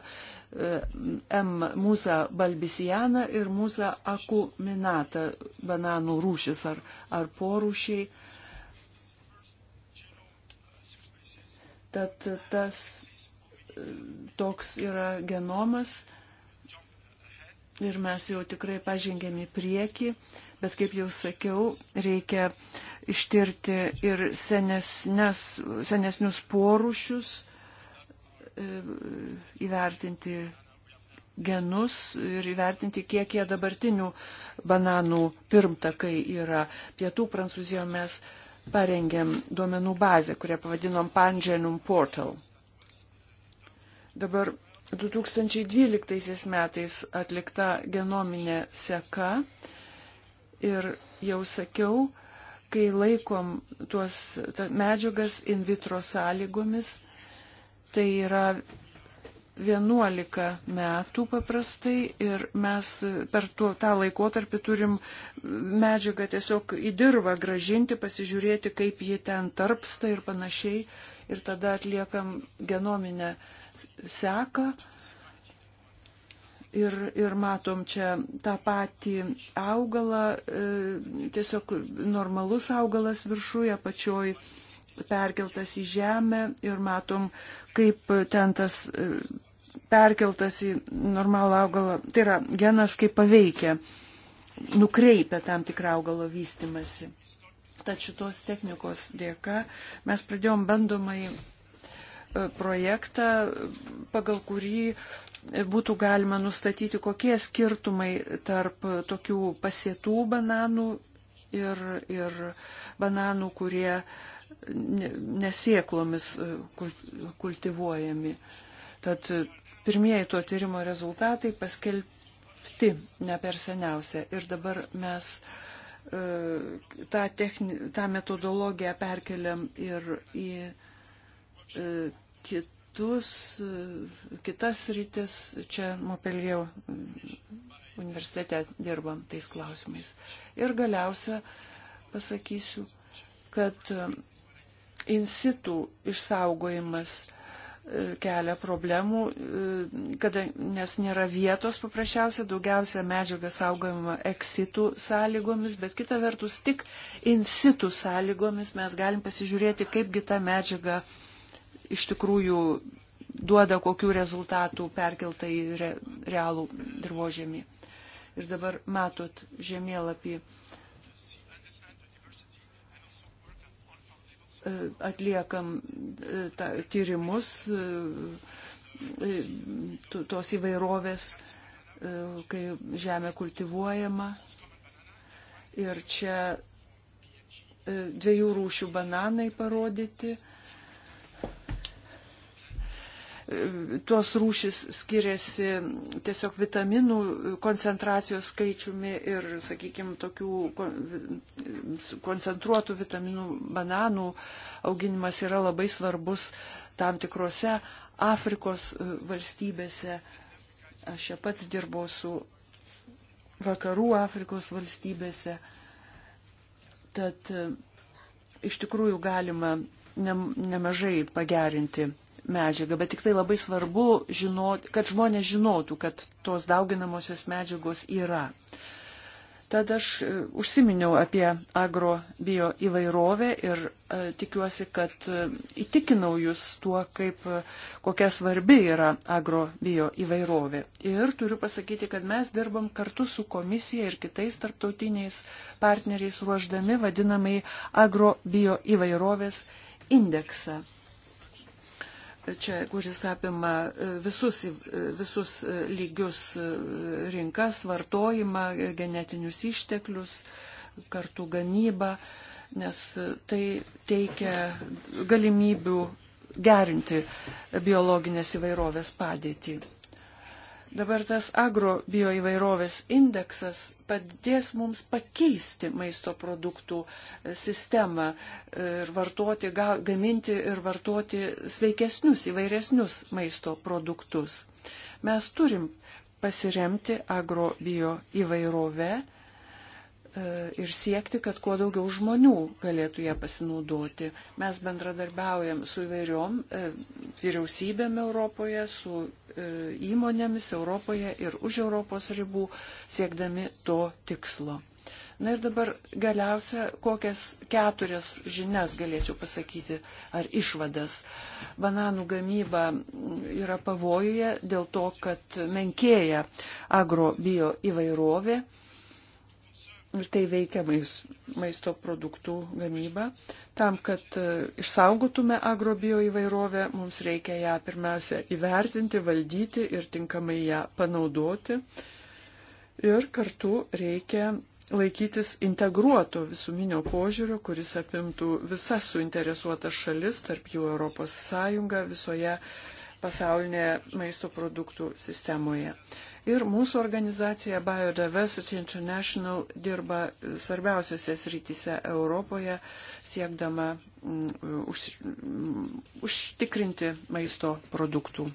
M. Musa balbisiana ir Musa akuminata bananų rūšis ar, ar porūšiai. Tad tas toks yra genomas ir mes jau tikrai pažengėm į priekį, bet kaip jau sakiau, reikia ištirti ir senesnes, senesnius porušius E, įvertinti genus ir įvertinti, kiek jie dabartinių bananų pirmtakai yra. Pietų Prancūzijoje mes parengėm duomenų bazę, kurią pavadinom Pangenum Portal. Dabar 2012 metais atlikta genominė seka ir jau sakiau, kai laikom tuos medžiagas in vitro sąlygomis, Tai yra 11 metų paprastai ir mes per tuo, tą laikotarpį turim medžiagą tiesiog į dirvą gražinti, pasižiūrėti, kaip ji ten tarpsta ir panašiai. Ir tada atliekam genominę seką. Ir, ir matom čia tą patį augalą, e, tiesiog normalus augalas viršuje, apačioj perkeltas į žemę ir matom, kaip ten tas e, perkeltas į normalų augalą, tai yra genas kaip paveikia, nukreipia tam tikrą augalo vystimasi. Tad šitos technikos dėka mes pradėjom bandomai e, projektą, pagal kurį būtų galima nustatyti, kokie skirtumai tarp tokių pasėtų bananų ir, ir bananų, kurie nesieklomis e, kultivuojami. Tad e, pirmieji to tyrimo rezultatai paskelbti ne per seniausia. Ir dabar mes e, tą, techni, tą metodologiją perkeliam ir į kitus, kitas rytis. Čia Mopeljau mm, universitete dirbam tais klausimais. Ir galiausia pasakysiu, kad insitų išsaugojimas e, kelia problemų, e, kada, nes nėra vietos paprasčiausia, daugiausia medžiaga saugojama eksitų sąlygomis, bet kita vertus tik insitų sąlygomis mes galim pasižiūrėti, kaipgi ta medžiaga iš tikrųjų duoda kokių rezultatų perkeltą į re, realų dirbožėmį. Ir dabar matot žemėlapį E, atliekam e, ta, tyrimus e, tos įvairovės, kai žemė kultivuojama. Ir čia dviejų rūšių bananai parodyti tuos rūšis skiriasi tiesiog vitaminų koncentracijos skaičiumi ir, sakykime, tokių koncentruotų vitaminų bananų auginimas yra labai svarbus tam tikrose Afrikos e, valstybėse. Aš čia pats dirbau su vakarų Afrikos valstybėse. Tad e, iš tikrųjų galima nemažai pagerinti medžiagą, bet tik tai labai svarbu, žinot, kad žmonės žinotų, kad tos dauginamosios medžiagos yra. Tad aš e, užsiminiau apie agrobio įvairovę ir e, tikiuosi, kad e, įtikinau jūs tuo, kaip, kokia svarbi yra agrobio įvairovė. Ir turiu pasakyti, kad mes dirbam kartu su komisija ir kitais tarptautiniais partneriais ruoždami vadinamai agrobio įvairovės indeksą čia, kuris apima e, visus, e, visus e, lygius rinkas, vartojimą, genetinius išteklius, kartų gamybą, nes tai teikia galimybių gerinti biologinės įvairovės padėtį. Dabar tas agro bioįvairovės indeksas padės mums pakeisti maisto produktų e, sistemą ir vartoti, gaminti ir vartoti sveikesnius, įvairesnius maisto produktus. Mes turim pasiremti agro bioįvairovę E, ir siekti, kad kuo daugiau žmonių galėtų ją pasinaudoti. Mes bendradarbiaujam su įvairiom e, vyriausybėm Europoje, su e, įmonėmis Europoje ir už Europos ribų, siekdami to tikslo. Na ir dabar galiausia, kokias keturias žinias galėčiau pasakyti ar išvadas. Bananų gamyba yra pavojuje dėl to, kad menkėja agrobio įvairovė ir tai veikia maisto produktų gamyba. Tam, kad e, išsaugotume agrobio įvairovę, mums reikia ją pirmiausia įvertinti, valdyti ir tinkamai ją panaudoti. Ir kartu reikia laikytis integruoto visuminio požiūrio, kuris apimtų visas suinteresuotas šalis, tarp jų ES visoje pasaulinėje maisto produktų sistemoje. Ir mūsų organizacija Biodiversity International dirba svarbiausiose srityse Europoje, siekdama mm, už, mm, užtikrinti maisto produktų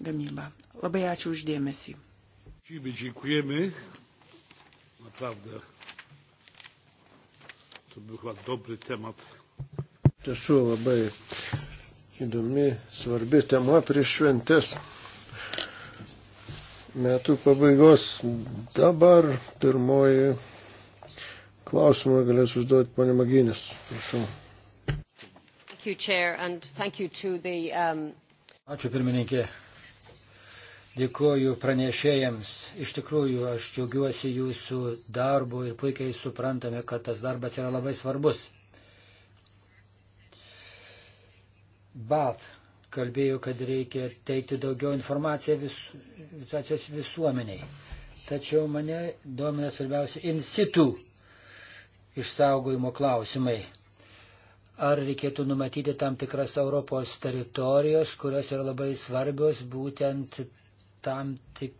gamybą. Labai ačiū uždėmesį. Dziękujemy. Naprawdę. To był chyba dobry temat. Tiesų labai įdomi, svarbi tema prieš šventes metų pabaigos. Dabar pirmoji klausimą galės užduoti ponė Maginis. Prašau. Um, Ačiū pirmininkė. Dėkuoju pranešėjams. Iš tikrųjų, aš džiaugiuosi jūsų darbu ir puikiai suprantame, kad tas darbas yra labai svarbus. Bat kalbėjo, kad reikia teikti daugiau informaciją vis, visacijos visuomeniai. Tačiau mane domina svarbiausia in situ išsaugojimo klausimai. Ar reikėtų numatyti tam tikras Europos teritorijos, kurios yra labai svarbios būtent tam, tik,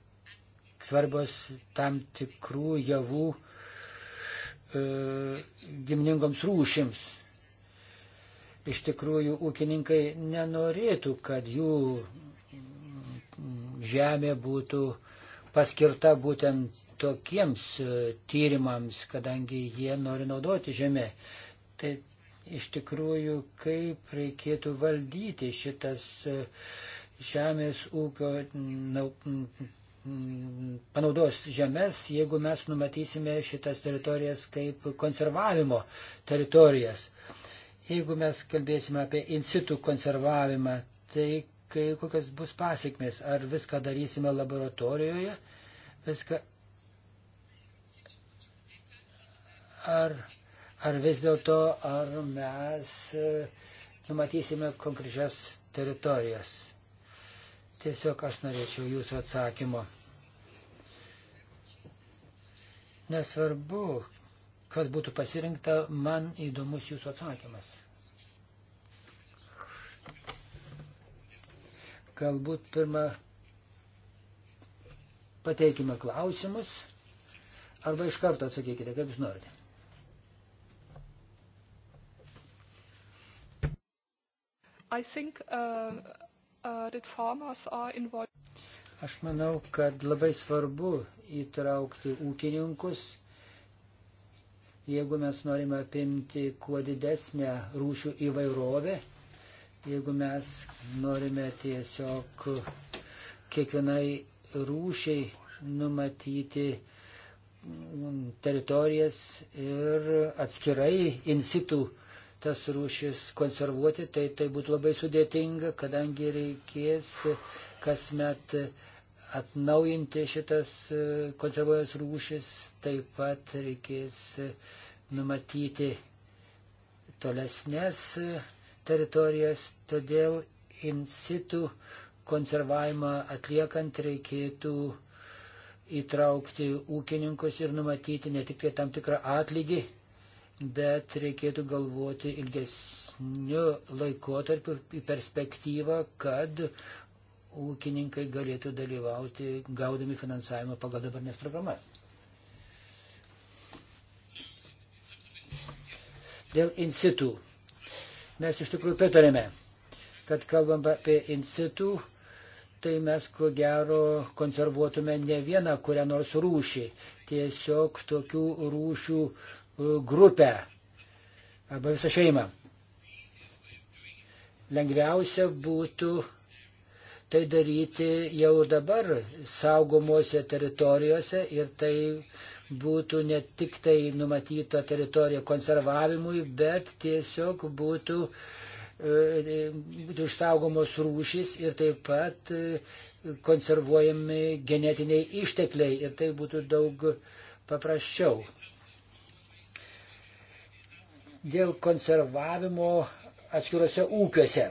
svarbios tam tikrų javų e, gimningoms rūšims, Iš tikrųjų, ūkininkai nenorėtų, kad jų žemė būtų paskirta būtent tokiems e, tyrimams, kadangi jie nori naudoti žemę. Tai iš tikrųjų, kaip reikėtų valdyti šitas e, žemės ūkio panaudos žemės, jeigu mes numatysime šitas teritorijas kaip konservavimo teritorijas. Jeigu mes kalbėsime apie insitų konservavimą, tai kai, kokios bus pasiekmes, ar viską darysime laboratorijoje, viską. Ar, ar vis dėlto, ar mes e, numatysime konkrečias teritorijas. Tiesiog aš norėčiau jūsų atsakymo. Nesvarbu, kas būtų pasirinkta, man įdomus jūsų atsakymas. Galbūt pirmą pateikime klausimus arba iš karto atsakykite, kaip jūs norite. Think, uh, uh, Aš manau, kad labai svarbu įtraukti ūkininkus Jeigu mes norime apimti kuo didesnę rūšių įvairovę, jeigu mes norime tiesiog kiekvienai rūšiai numatyti mm, teritorijas ir atskirai insitų tas rūšis konservuoti, tai tai būtų labai sudėtinga, kadangi reikės kasmet atnaujinti šitas e, konservuojas rūšis, taip pat reikės e, numatyti tolesnės e, teritorijas, todėl in situ konservavimą atliekant reikėtų įtraukti ūkininkus ir numatyti ne tik tai tam tikrą atlygį, bet reikėtų galvoti ilgesniu laikotarpiu į perspektyvą, kad ūkininkai galėtų dalyvauti gaudami finansavimą pagal dabartinės programas. Dėl institu. Mes iš tikrųjų pritarėme, kad kalbam apie institu, tai mes ko gero konservuotume ne vieną kurią nors rūšį, tiesiog tokių rūšių e, grupę arba visą šeimą. Lengviausia būtų tai daryti jau dabar saugomose teritorijose ir tai būtų ne tik tai numatyta teritorija konservavimui, bet tiesiog būtų, e, būtų išsaugomos rūšys ir taip pat e, konservuojami genetiniai ištekliai ir tai būtų daug paprasčiau. Dėl konservavimo atskiruose ūkiuose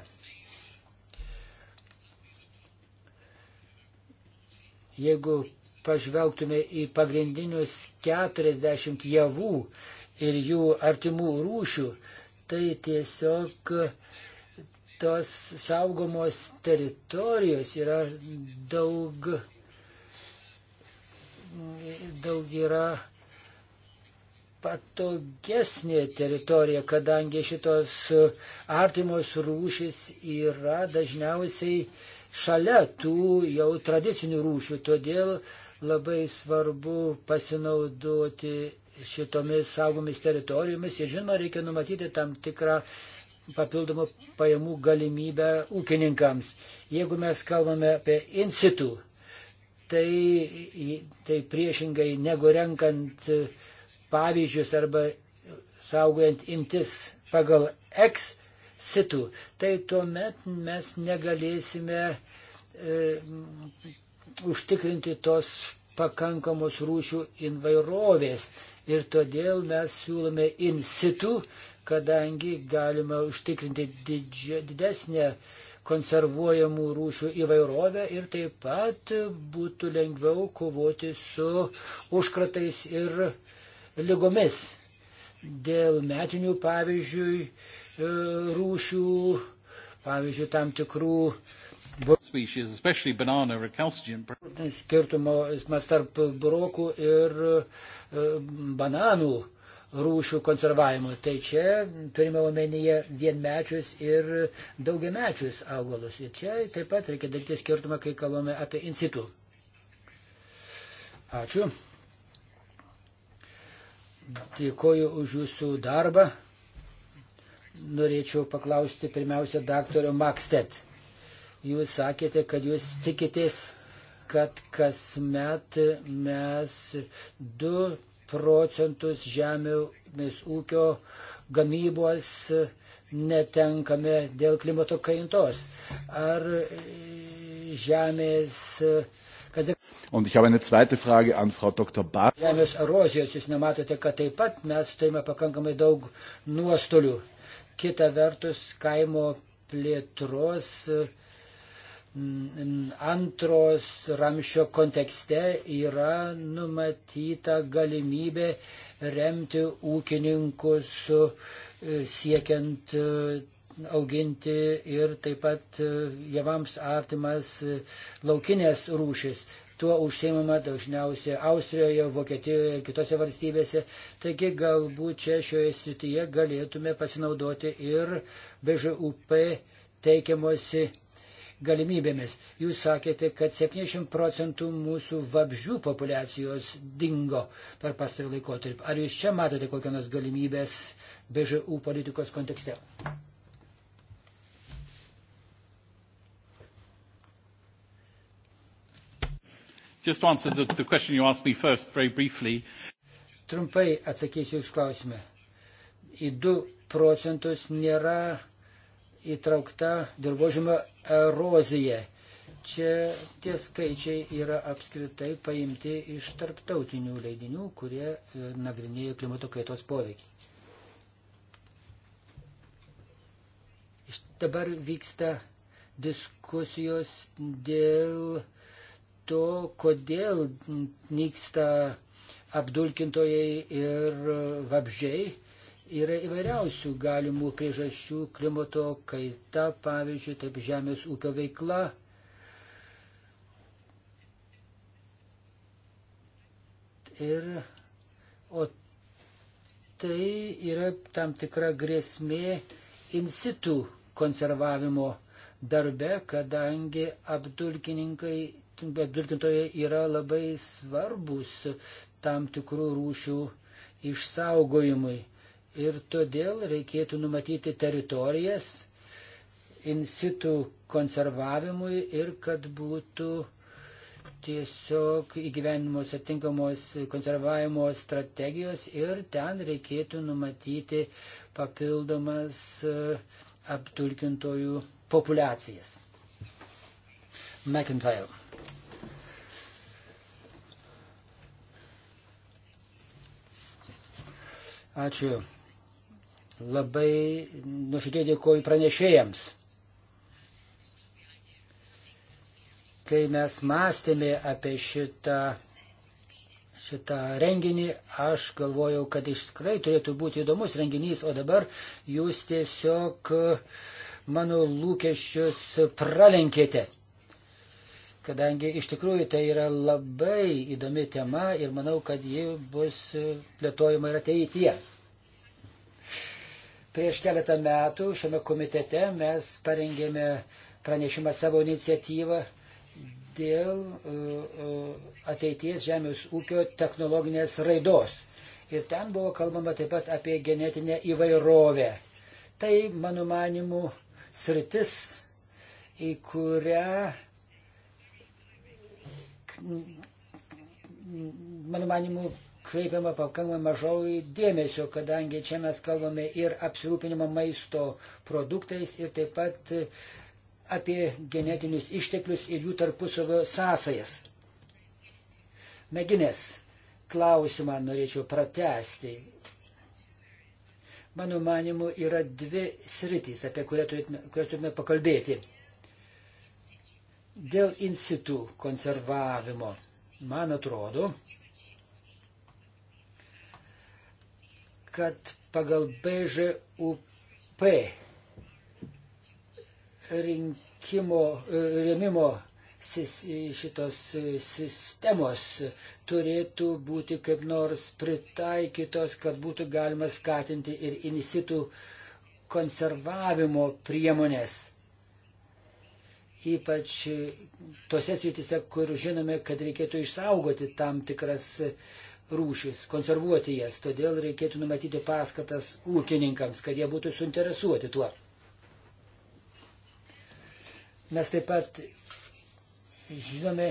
Jeigu pažvelgtume į pagrindinius 40 javų ir jų artimų rūšių, tai tiesiog tos saugomos teritorijos yra daug, daug yra patogesnė teritorija, kadangi šitos artimos rūšis yra dažniausiai šalia tų jau tradicinių rūšių. Todėl labai svarbu pasinaudoti šitomis saugomis teritorijomis ir žinoma reikia numatyti tam tikrą papildomų pajamų galimybę ūkininkams. Jeigu mes kalbame apie institu, tai, tai priešingai negu renkant pavyzdžius arba saugojant imtis pagal X sitų, tai tuomet mes negalėsime e, užtikrinti tos pakankamos rūšių įvairovės. Ir todėl mes siūlome in situ, kadangi galima užtikrinti didžia, didesnę konservuojamų rūšių įvairovę ir taip pat būtų lengviau kovoti su užkratais ir lygomis. Dėl metinių pavyzdžiui E, rūšių, pavyzdžiui, tam tikrų species, especially banana recalcitrant. Skirtumas tarp burokų ir e, bananų rūšių konservavimo. Tai čia turime omenyje vienmečius ir daugiamečius augalus. Ir čia taip pat reikia daryti skirtumą, kai kalbame apie institu. Ačiū. Dėkoju už jūsų darbą norėčiau paklausti pirmiausia daktario Makstet. Jūs sakėte, kad jūs tikitės, kad kasmet mes 2 procentus žemės ūkio gamybos netenkame dėl klimato kaintos. Ar e, žemės. Kad... Und ich habe eine zweite Frage an Frau Dr. Barth. Žemės erozijos jūs nematote, kad taip pat mes turime pakankamai daug nuostolių kita vertus kaimo plėtros mm, antros ramšio kontekste yra numatyta galimybė remti ūkininkus e, siekiant e, auginti ir taip pat e, javams artimas laukinės rūšis. Tuo užsiemama dažniausiai Austrijoje, Vokietijoje ir kitose valstybėse. Taigi galbūt čia šioje srityje galėtume pasinaudoti ir BŽUP teikiamosi galimybėmis. Jūs sakėte, kad 70 procentų mūsų vabžių populiacijos dingo per pastarį laikotarpį. Ar jūs čia matote kokią nors galimybės BŽU politikos kontekste? Just to answer the, the question you asked me first, very briefly. Trumpai atsakysiu Jūsų klausimą. Į 2 procentus nėra įtraukta dirbožimo erozija. Čia tie skaičiai yra apskritai paimti iš tarptautinių leidinių, kurie e, nagrinėjo klimato kaitos poveikį. Dabar vyksta diskusijos dėl to, kodėl nyksta apdulkintojai ir vabžiai. Yra įvairiausių galimų priežasčių - klimato kaita, pavyzdžiui, taip žemės ūkio veikla. Ir, o tai yra tam tikra grėsmė in situ konservavimo darbe, kadangi apdulkininkai apdulkintojai yra labai svarbus tam tikrų rūšių išsaugojimui. Ir todėl reikėtų numatyti teritorijas insitų konservavimui ir kad būtų tiesiog įgyvenimos atitinkamos konservavimo strategijos ir ten reikėtų numatyti papildomas e, apdulkintojų populiacijas. McIntyre. Ačiū. Labai nuoširdžiai dėkoju pranešėjams. Kai mes mąstėme apie šitą, šitą renginį, aš galvojau, kad iš tikrai turėtų būti įdomus renginys, o dabar jūs tiesiog mano lūkesčius pralenkėte kadangi iš tikrųjų tai yra labai įdomi tema ir manau, kad ji bus plėtojama ir ateityje. Prieš keletą metų šiame komitete mes parengėme pranešimą savo iniciatyvą dėl e, e, ateities žemės ūkio technologinės raidos. Ir ten buvo kalbama taip pat apie genetinę įvairovę. Tai, mano manimu, sritis, į kurią mano manimu, kreipiama pakankamai mažai dėmesio, kadangi čia mes kalbame ir apsirūpinimą maisto produktais ir taip pat apie genetinius išteklius ir jų tarpusavio sąsajas. Meginės klausimą norėčiau pratesti. Mano manimu, yra dvi sritys, apie kurias turėtume, kurias turėtume pakalbėti. Dėl institu konservavimo, man atrodo, kad pagal BŽUP rinkimo, e, rėmimo e, šitos e, sistemos turėtų būti kaip nors pritaikytos, kad būtų galima skatinti ir inisitų konservavimo priemonės ypač tose sritise, kur žinome, kad reikėtų išsaugoti tam tikras rūšis, konservuoti jas. Todėl reikėtų numatyti paskatas ūkininkams, kad jie būtų suinteresuoti tuo. Mes taip pat žinome,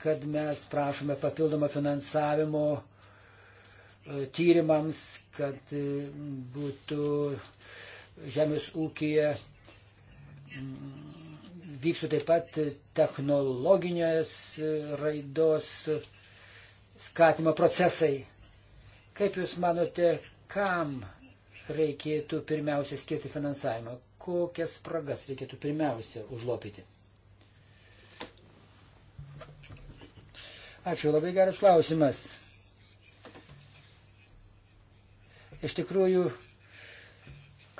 kad mes prašome papildomą finansavimo e, tyrimams, kad e, būtų žemės ūkija vykstų taip pat technologinės raidos skatimo procesai. Kaip Jūs manote, kam reikėtų pirmiausia skirti finansavimą? Kokias spragas reikėtų pirmiausia užlopyti? Ačiū, labai geras klausimas. Iš tikrųjų,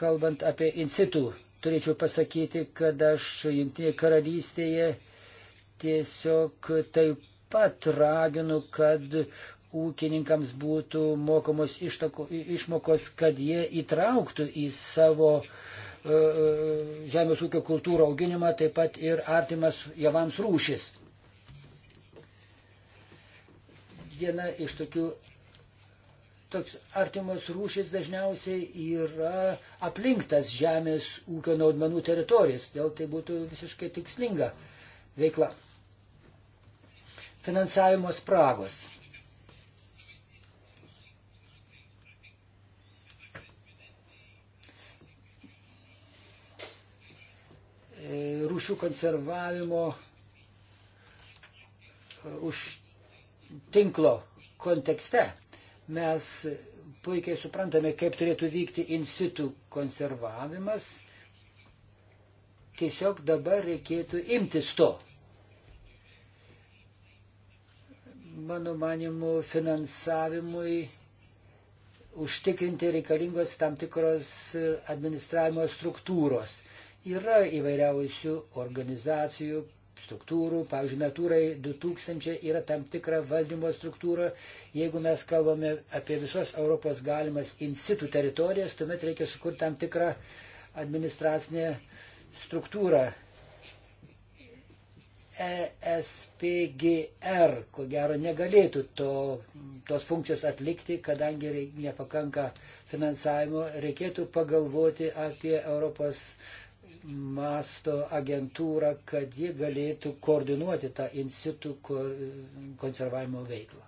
kalbant apie institutų turėčiau pasakyti, kad aš Junktinėje karalystėje tiesiog taip pat raginu, kad ūkininkams būtų mokamos ištoko, išmokos, kad jie įtrauktų į savo uh, žemės ūkio kultūrą auginimą taip pat ir artimas javams rūšis. Viena iš tokių toks artimos rūšis dažniausiai yra aplinktas žemės ūkio naudmenų teritorijas, dėl tai būtų visiškai tikslinga veikla. Finansavimo spragos. E, rūšių konservavimo e, už tinklo kontekste Mes puikiai suprantame, kaip turėtų vykti insitų konservavimas. Tiesiog dabar reikėtų imtis to. Mano manimu, finansavimui užtikrinti reikalingos tam tikros administravimo struktūros. Yra įvairiausių organizacijų, struktūrų, pavyzdžiui, Natūrai 2000 yra tam tikra valdymo struktūra. Jeigu mes kalbame apie visos Europos galimas institu teritorijas, tuomet reikia sukurti tam tikrą administracinę struktūrą. ESPGR, ko gero, negalėtų to, tos funkcijos atlikti, kadangi nepakanka finansavimo, reikėtų pagalvoti apie Europos uh, masto agentūrą, kad ji galėtų koordinuoti tą institu konservavimo veiklą.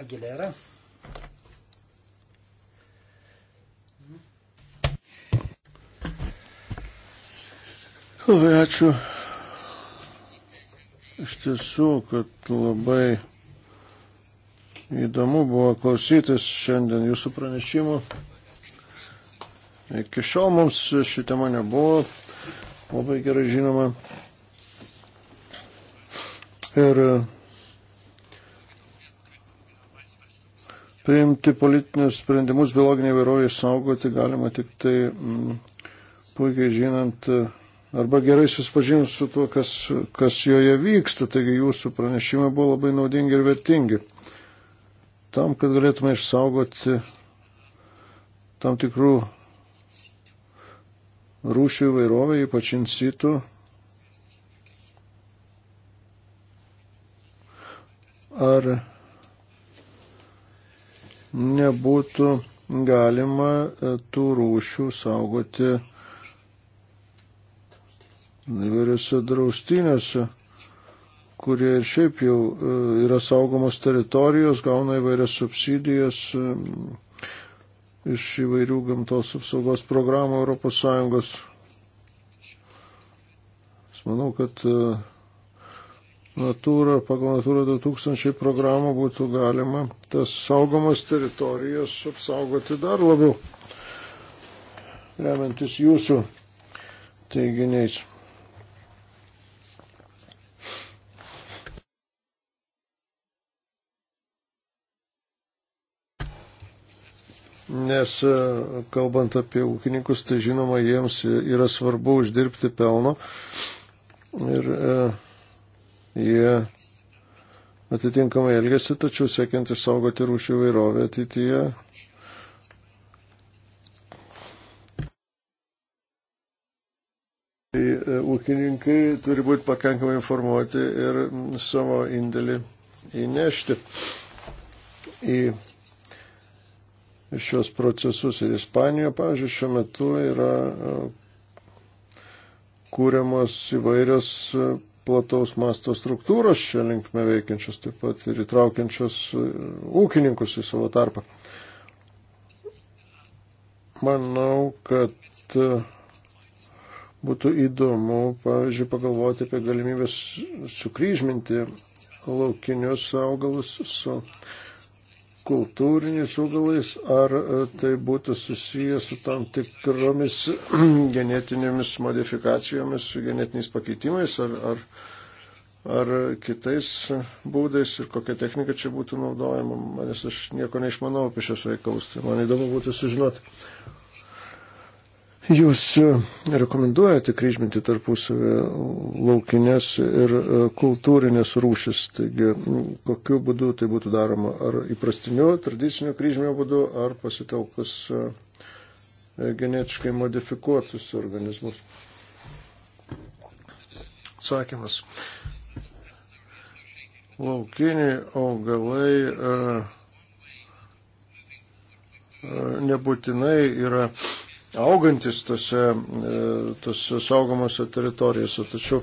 Aguilera. Labai ačiū. Iš tiesų, kad labai įdomu buvo klausytis šiandien jūsų pranešimų. Iki šiol mums ši tema nebuvo labai gerai žinoma. Ir e, priimti politinius sprendimus biologiniai vairovai išsaugoti galima tik tai m, mm, puikiai žinant e, arba gerai susipažinus su tuo, kas, kas joje vyksta. Taigi jūsų pranešimai buvo labai naudingi ir vertingi. Tam, kad galėtume išsaugoti tam tikrų rūšių įvairovė, ypač insitų. Ar nebūtų galima e, tų rūšių saugoti įvairiose draustinėse, kurie ir šiaip jau e, yra saugomos teritorijos, gauna įvairias subsidijas, e, iš įvairių gamtos apsaugos programų Europos Sąjungos. Aš manau, kad e, natūra, pagal natūrą 2000 programą būtų galima tas saugomas teritorijas apsaugoti dar labiau, remiantis jūsų teiginiais. nes e, kalbant apie ūkininkus, tai žinoma, jiems yra svarbu uždirbti pelno ir e, jie atitinkamai elgesi, tačiau siekiant išsaugoti rūšių įvairovę ateityje. Tai e, ūkininkai turi būti pakankamai informuoti ir savo indėlį įnešti į šios procesus. Ir Ispanijoje, pavyzdžiui, šiuo metu yra e, kūriamos įvairios e, plataus masto struktūros šią linkmę veikiančios, taip pat ir įtraukiančios e, ūkininkus į savo tarpą. Manau, kad būtų įdomu, pavyzdžiui, pagalvoti apie galimybės sukryžminti laukinius augalus su kultūriniais augalais, ar e, tai būtų susijęs su tam tikromis genetinėmis modifikacijomis, genetiniais pakeitimais, ar, ar, ar kitais būdais ir kokia technika čia būtų naudojama, nes aš nieko neišmanau apie šios reikalus, tai man įdomu būtų sužinoti. Jūs e, rekomenduojate kryžminti tarpusavį laukinės ir e, kultūrinės rūšis, taigi kokiu būdu tai būtų daroma, ar įprastiniu, tradiciniu kryžminio būdu, ar pasitelkus e, genetiškai modifikuotus organizmus. Atsakymas. Laukiniai augalai nebūtinai yra augantis tose, e, tose saugomose teritorijose. Tačiau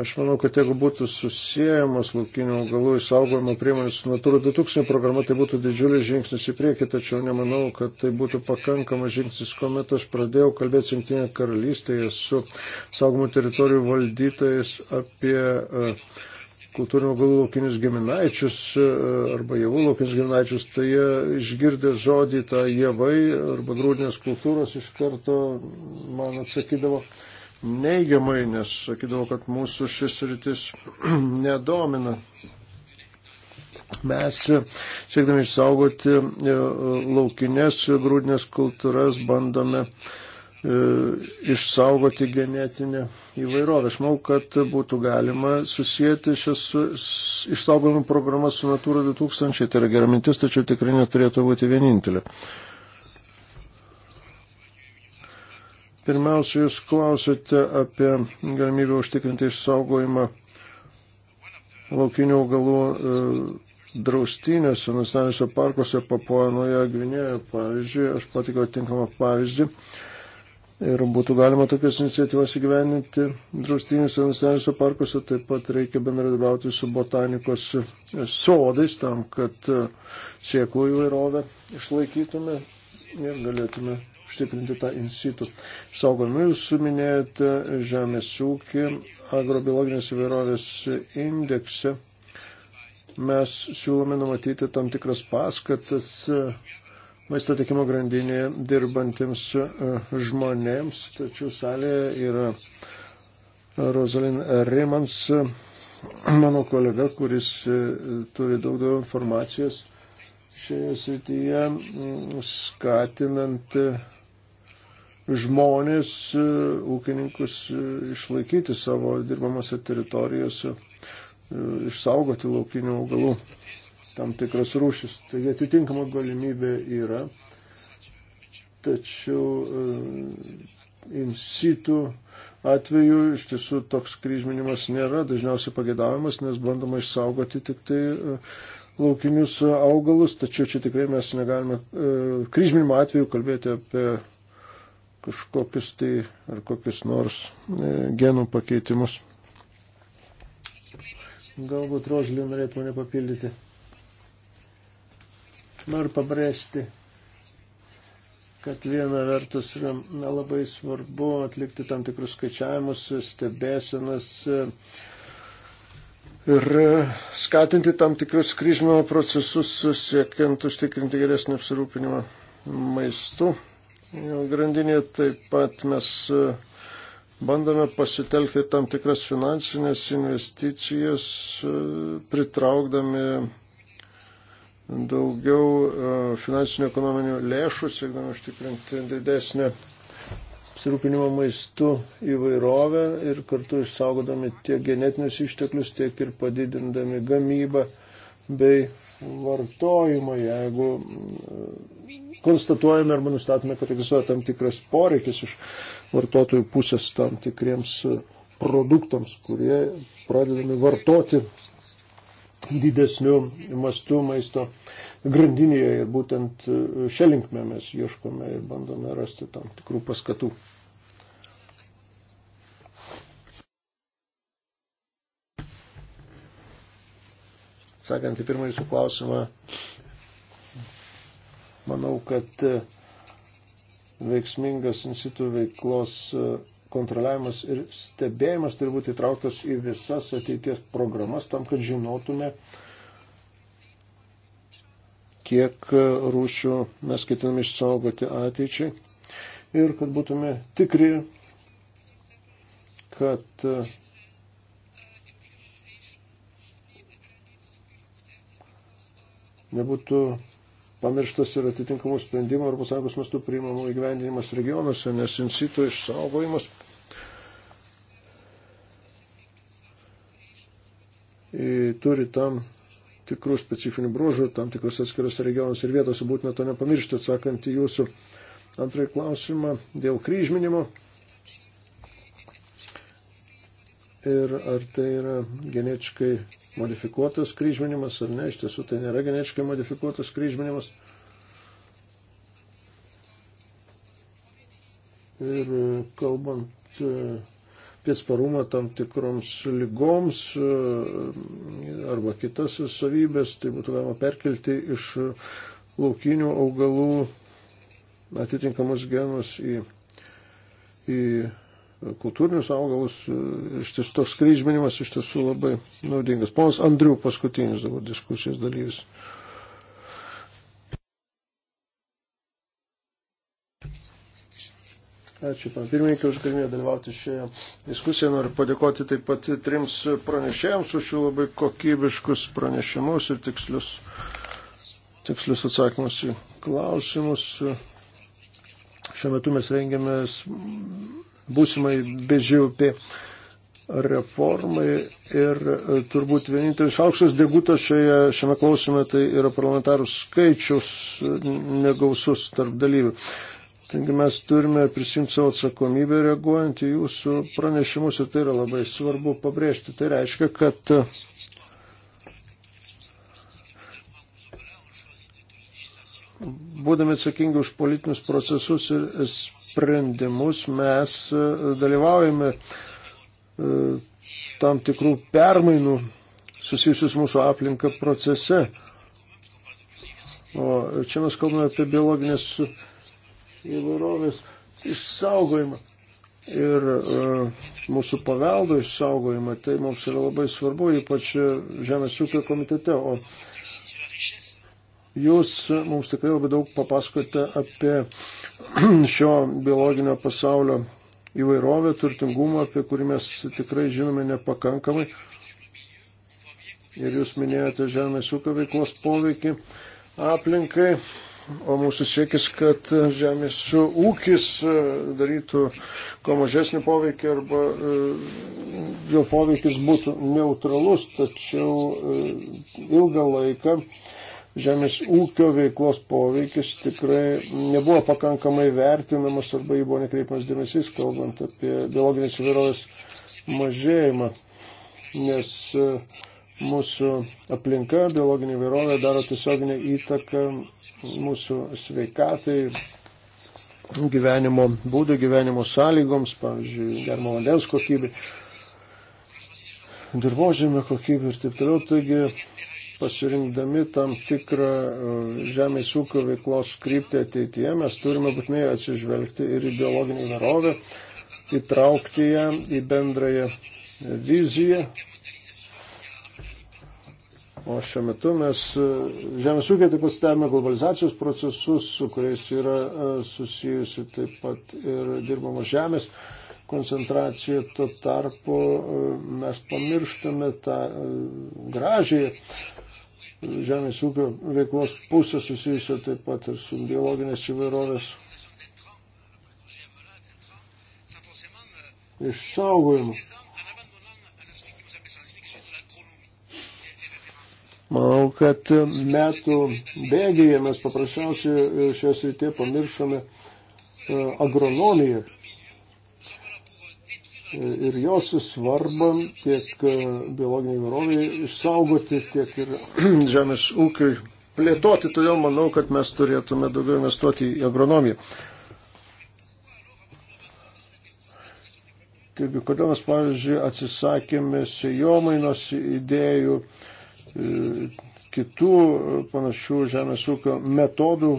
Aš manau, kad jeigu būtų susijęjamas laukinių augalų įsaugojimo priemonės su Natūra 2000 programa, tai būtų didžiulis žingsnis į priekį, tačiau nemanau, kad tai būtų pakankamas žingsnis, kuomet aš pradėjau kalbėti Junktinėje karalystėje su saugomų teritorijų valdytojais apie uh, kultūrinių augalų laukinius giminaičius e, arba javų laukinius giminaičius, tai jie išgirdę žodį tą javai arba grūdinės kultūros iš karto man atsakydavo neigiamai, nes sakydavo, kad mūsų šis rytis nedomina. Mes siekdami išsaugoti e, e, laukinės grūdinės kultūras bandome uh, E, išsaugoti genetinę įvairovę. Aš manau, kad būtų galima susijęti šias išsaugojimų programas su Natūra 2000. Tai yra gera mintis, tačiau tikrai neturėtų būti vienintelė. Pirmiausia, jūs klausėte apie galimybę užtikrinti išsaugojimą laukinių augalų e, draustinėse, nacionaliniuose parkuose, Papuanoje, Gvinėje, pavyzdžiui. Aš patikau tinkamą pavyzdį. Uh, ir būtų galima tokias iniciatyvas įgyveninti draustiniuose nacionaliniuose parkuose, taip pat reikia bendradarbiauti su botanikos sodais tam, kad e, sieklų įvairovę išlaikytume ir galėtume užtikrinti tą institu. Saugomį jūs suminėjote žemės ūkį, agrobiologinės įvairovės indekse. Mes siūlome numatyti tam tikras paskatas maisto tiekimo grandinėje dirbantiems e, žmonėms. Tačiau salėje yra Rosalin Rimans, e, mano kolega, kuris e, turi daug daugiau informacijos šioje srityje, skatinant žmonės, ūkininkus išlaikyti savo dirbamose teritorijose, išsaugoti laukinių augalų tam tikras rūšis. Taigi atitinkama galimybė yra, tačiau e, in situ atveju iš tiesų toks kryžminimas nėra dažniausiai pagėdavimas, nes bandoma išsaugoti tik tai e, laukinius augalus, tačiau čia tikrai mes negalime e, kryžminimo atveju kalbėti apie kažkokius tai ar kokius nors genų pakeitimus. Galbūt Rožlį norėtų mane papildyti. Noriu pabrėžti, kad viena vertus yra labai svarbu atlikti tam tikrus skaičiavimus, stebėsenas ir skatinti tam tikrus kryžmimo procesus, siekiant užtikrinti geresnį apsirūpinimą maistu. Grandinėje taip pat mes bandome pasitelkti tam tikras finansinės investicijas, pritraukdami daugiau e, finansinių ekonominių lėšų, siekdami užtikrinti didesnę apsirūpinimo maistu įvairovę ir kartu išsaugodami tiek genetinius išteklius, tiek ir padidindami gamybą bei vartojimą, jeigu e, konstatuojame arba nustatome, kad egzistuoja tam tikras poreikis iš vartotojų pusės tam tikriems e, produktams, kurie pradedami vartoti didesnių mastų maisto grandinėje ir būtent e, šią linkmę mes ieškome ir bandome rasti tam tikrų paskatų. Sakant į pirmąjį jūsų klausimą, manau, kad e, veiksmingas institutų veiklos e, kontroliavimas ir stebėjimas turi būti įtrauktas į visas ateities programas tam, kad žinotume, uh, kiek rūšių mes ketiname išsaugoti ateičiai ir kad būtume tikri, kad nebūtų pamirštas ir atitinkamų sprendimų Europos Sąjungos mastų priimamų įgyvendinimas regionuose, nes insito išsaugojimas turi tam tikrų specifinių bruožų, tam tikrus atskirus regionus ir vietose būtume to nepamiršti, atsakant į jūsų antrąjį klausimą dėl kryžminimo. Ir ar tai yra genetiškai modifikuotas kryžminimas ar ne, iš tiesų tai nėra genetiškai modifikuotas kryžminimas. Ir e, kalbant e, apie sparumą tam tikroms lygoms e, arba kitas savybės, tai būtų galima perkelti iš laukinių augalų atitinkamus genus į, į kultūrinius augalus. E, iš tiesų toks kryžminimas iš tiesų labai naudingas. Ponas Andriu paskutinis dabar diskusijos dalyvis. Ačiū, pan pirmininkai, už galimybę dalyvauti šioje diskusijoje. Noriu padėkoti taip pat trims pranešėjams už jų labai kokybiškus pranešimus ir tikslius, tikslius atsakymus į klausimus. Šiuo metu mes rengiamės būsimai BŽUP reformai ir e, turbūt vienintelis aukštas degutas šioje, šiame klausime tai yra parlamentarų skaičius negausus tarp dalyvių. Taigi mes turime prisimti savo atsakomybę reaguojant į jūsų pranešimus ir tai yra labai svarbu pabrėžti. Tai reiškia, kad būdami atsakingi už politinius procesus ir sprendimus, mes dalyvaujame e, tam tikrų permainų susijusius mūsų aplinką procese. O čia mes kalbame apie biologinės įvairovės išsaugojimą ir e, mūsų paveldo išsaugojimą. Tai mums yra labai svarbu, ypač Žemės ūkio komitete. O jūs mums tikrai labai daug papasakote apie šio biologinio pasaulio įvairovę, turtingumą, apie kurį mes tikrai žinome nepakankamai. Ir jūs minėjote žemės ūkio veiklos poveikį aplinkai o mūsų siekis, kad žemės ūkis e, darytų kuo mažesnį poveikį arba e, jo poveikis būtų neutralus, tačiau e, ilgą laiką žemės ūkio veiklos poveikis tikrai nebuvo pakankamai vertinamas arba jį buvo nekreipiamas dėmesys, kalbant apie biologinės įvairovės mažėjimą, nes uh, mūsų aplinka, biologinė įvairovė daro tiesioginę įtaką mūsų sveikatai, gyvenimo būdų, gyvenimo sąlygoms, pavyzdžiui, germo vandens kokybė, dirbožėmio kokybė ir taip toliau. Taigi, pasirinkdami tam tikrą uh, žemės ūkio veiklos kryptį ateityje, mes turime būtinai atsižvelgti ir į biologinį įvairovę, įtraukti ją į bendrąją viziją, O šiuo metu mes e, žemės ūkiai taip pat stebime globalizacijos procesus, su kuriais yra e, susijusi taip pat ir dirbamos žemės koncentracija. Tuo tarpu e, mes pamirštame tą gražiai žemės ūkio veiklos pusę susijusią taip pat ir su biologinės įvairovės išsaugojimu. Manau, kad metų bėgėje mes paprasčiausiai e, šios rytie pamiršome e, agronomiją e, ir jos svarbą tiek biologiniai įvairoviai išsaugoti, tiek ir žemės ūkiui plėtoti. Todėl manau, kad mes turėtume daugiau investuoti į agronomiją. Taigi, kodėl mes, pavyzdžiui, atsisakėme sejomainos idėjų, uh, E, kitų panašių žemės ūkio metodų,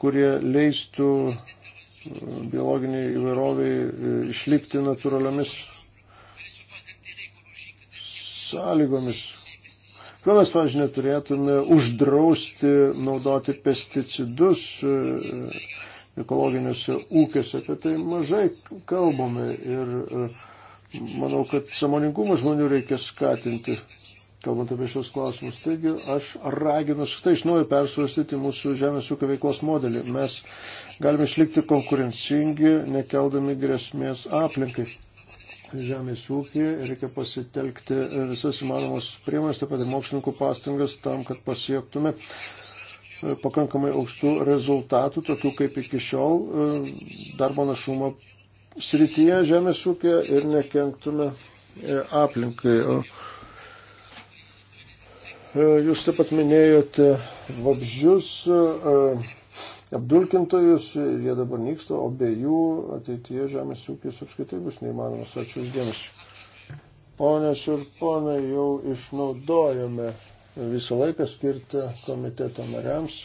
kurie leistų e, biologiniai įvairoviai e, išlikti natūraliomis sąlygomis. Kodėl mes, pavyzdžiui, neturėtume uždrausti naudoti pesticidus ekologiniuose ūkiuose, apie tai mažai kalbame ir manau, kad samoningumą žmonių reikia skatinti kalbant apie šios klausimus. Taigi aš raginu štai iš naujo persvarstyti mūsų žemės ūkio veiklos modelį. Mes galime išlikti konkurencingi, nekeldami grėsmės aplinkai. Žemės ūkį reikia pasitelkti visas įmanomas priemonės, taip pat ir mokslininkų pastangas tam, kad pasiektume pakankamai aukštų rezultatų, tokių kaip iki šiol, e, darbo našumo srityje žemės ūkio ir nekenktume e, aplinkai. O E, jūs taip pat minėjote vabzdžius, e, apdulkintojus, jie dabar nyksta, o be jų ateityje žemės ūkis apskaitai bus neįmanomas. Ačiū Jums. Ponės ir ponai, jau išnaudojame visą laiką skirtą komiteto nariams.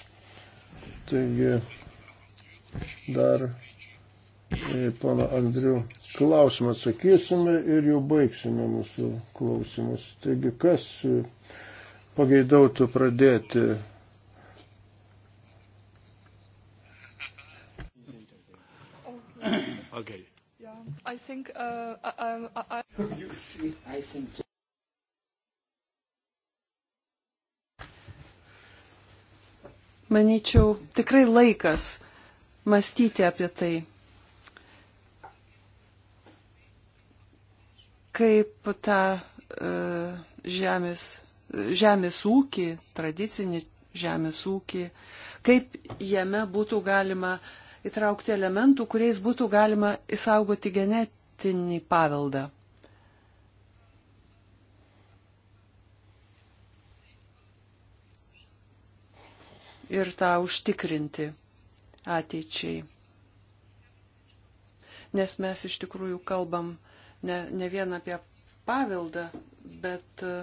Taigi dar į pana Andrių klausimą atsakysime ir jau baigsime mūsų klausimus. Taigi kas pageidautų pradėti. Okay. Yeah, I think uh, I, I, I... You see, I think. manyčiau, tikrai laikas mąstyti apie tai. Kaip ta e, žemės žemės ūkį, tradicinį žemės ūkį, kaip jame būtų galima įtraukti elementų, kuriais būtų galima įsaugoti genetinį paveldą. Ir tą užtikrinti ateičiai. Nes mes iš tikrųjų kalbam ne, ne vien apie paveldą, bet uh,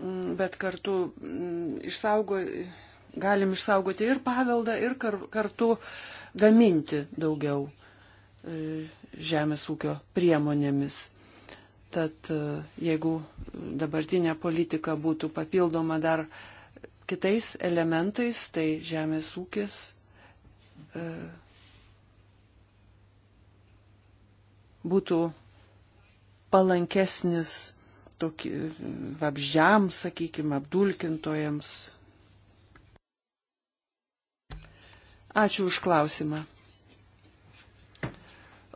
Mm, bet kartu mm, išsaugo, galim išsaugoti ir paveldą, ir kar, kartu gaminti daugiau e, žemės ūkio priemonėmis. Tad e, jeigu dabartinė politika būtų papildoma dar kitais elementais, tai žemės ūkis e, būtų palankesnis tokie, vabžiams, sakykime, apdulkintojams. Ačiū už klausimą.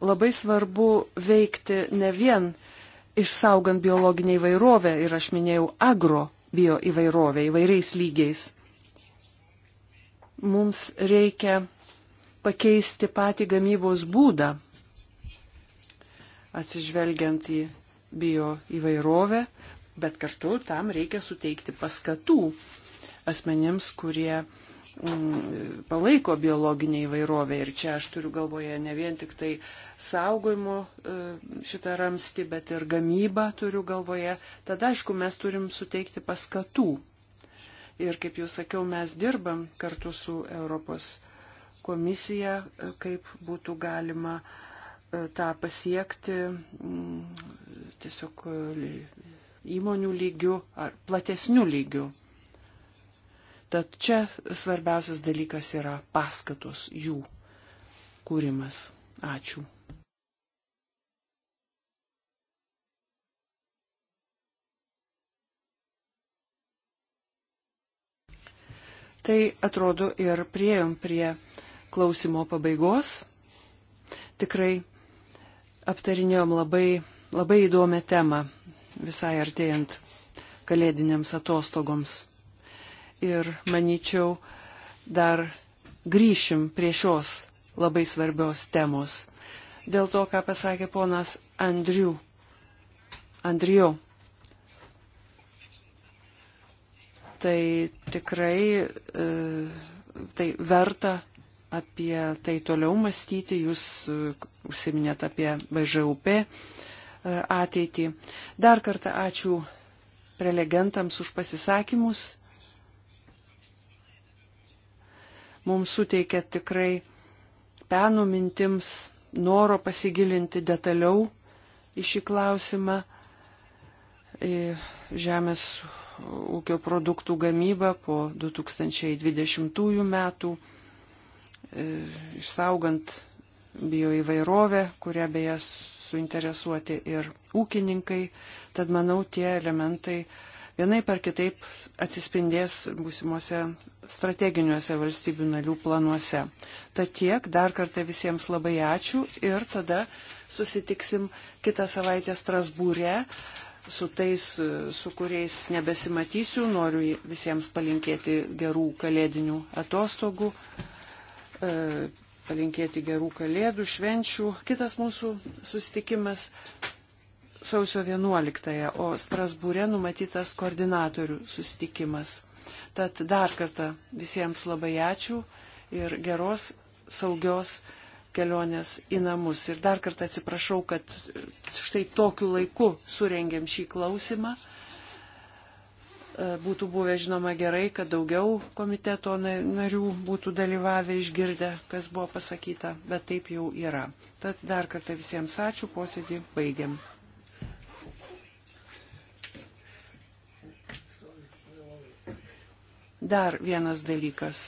Labai svarbu veikti ne vien išsaugant biologinę įvairovę ir aš minėjau agro bio įvairovę įvairiais lygiais. Mums reikia pakeisti patį gamybos būdą, atsižvelgiant į bio įvairovę, bet kartu tam reikia suteikti paskatų asmenims, kurie mm, palaiko biologinį įvairovę. Ir čia aš turiu galvoje ne vien tik tai saugojimo e, šitą ramstį, bet ir gamybą turiu galvoje. Tada, aišku, mes turim suteikti paskatų. Ir kaip jau sakiau, mes dirbam kartu su Europos komisija, e, kaip būtų galima e, tą pasiekti mm, tiesiog e, įmonių lygių ar platesnių lygių. Tad čia svarbiausias dalykas yra paskatos jų kūrimas. Ačiū. Tai atrodo ir prieėm prie klausimo pabaigos. Tikrai aptarinėjom labai labai įdomią temą visai artėjant kalėdiniams atostogoms. Ir manyčiau, dar grįšim prie šios labai svarbios temos. Dėl to, ką pasakė ponas Andriu. Andriu. Tai tikrai e, tai verta apie tai toliau mąstyti. Jūs e, užsiminėt apie BŽUP. E, ateitį. Dar kartą ačiū prelegentams už pasisakymus. Mums suteikia tikrai penų mintims noro pasigilinti detaliau į šį klausimą. Žemės ūkio produktų gamyba po 2020 metų, e, išsaugant bioįvairovę, kurią beje suinteresuoti ir ūkininkai, tad manau tie elementai vienai par kitaip atsispindės būsimuose strateginiuose valstybių narių planuose. Tad tiek, dar kartą visiems labai ačiū ir tada susitiksim kitą savaitę Strasbūrė su tais, su kuriais nebesimatysiu, noriu visiems palinkėti gerų kalėdinių atostogų, e, palinkėti gerų kalėdų, švenčių. Kitas mūsų susitikimas sausio 11, o Strasbūre numatytas koordinatorių susitikimas. Tad dar kartą visiems labai ačiū ir geros, saugios kelionės į namus. Ir dar kartą atsiprašau, kad štai tokiu laiku surengėm šį klausimą. E, būtų buvę žinoma gerai, kad daugiau komiteto narių būtų dalyvavę išgirdę, kas buvo pasakyta, bet taip jau yra. Tad dar kartą visiems ačiū, posėdį baigiam. Dar vienas dalykas.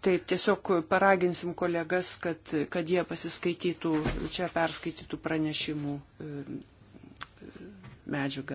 Taip, tiesiog paraginsim kolegas, kad, kad jie pasiskaitytų, čia perskaitytų pranešimų e, medžiagą.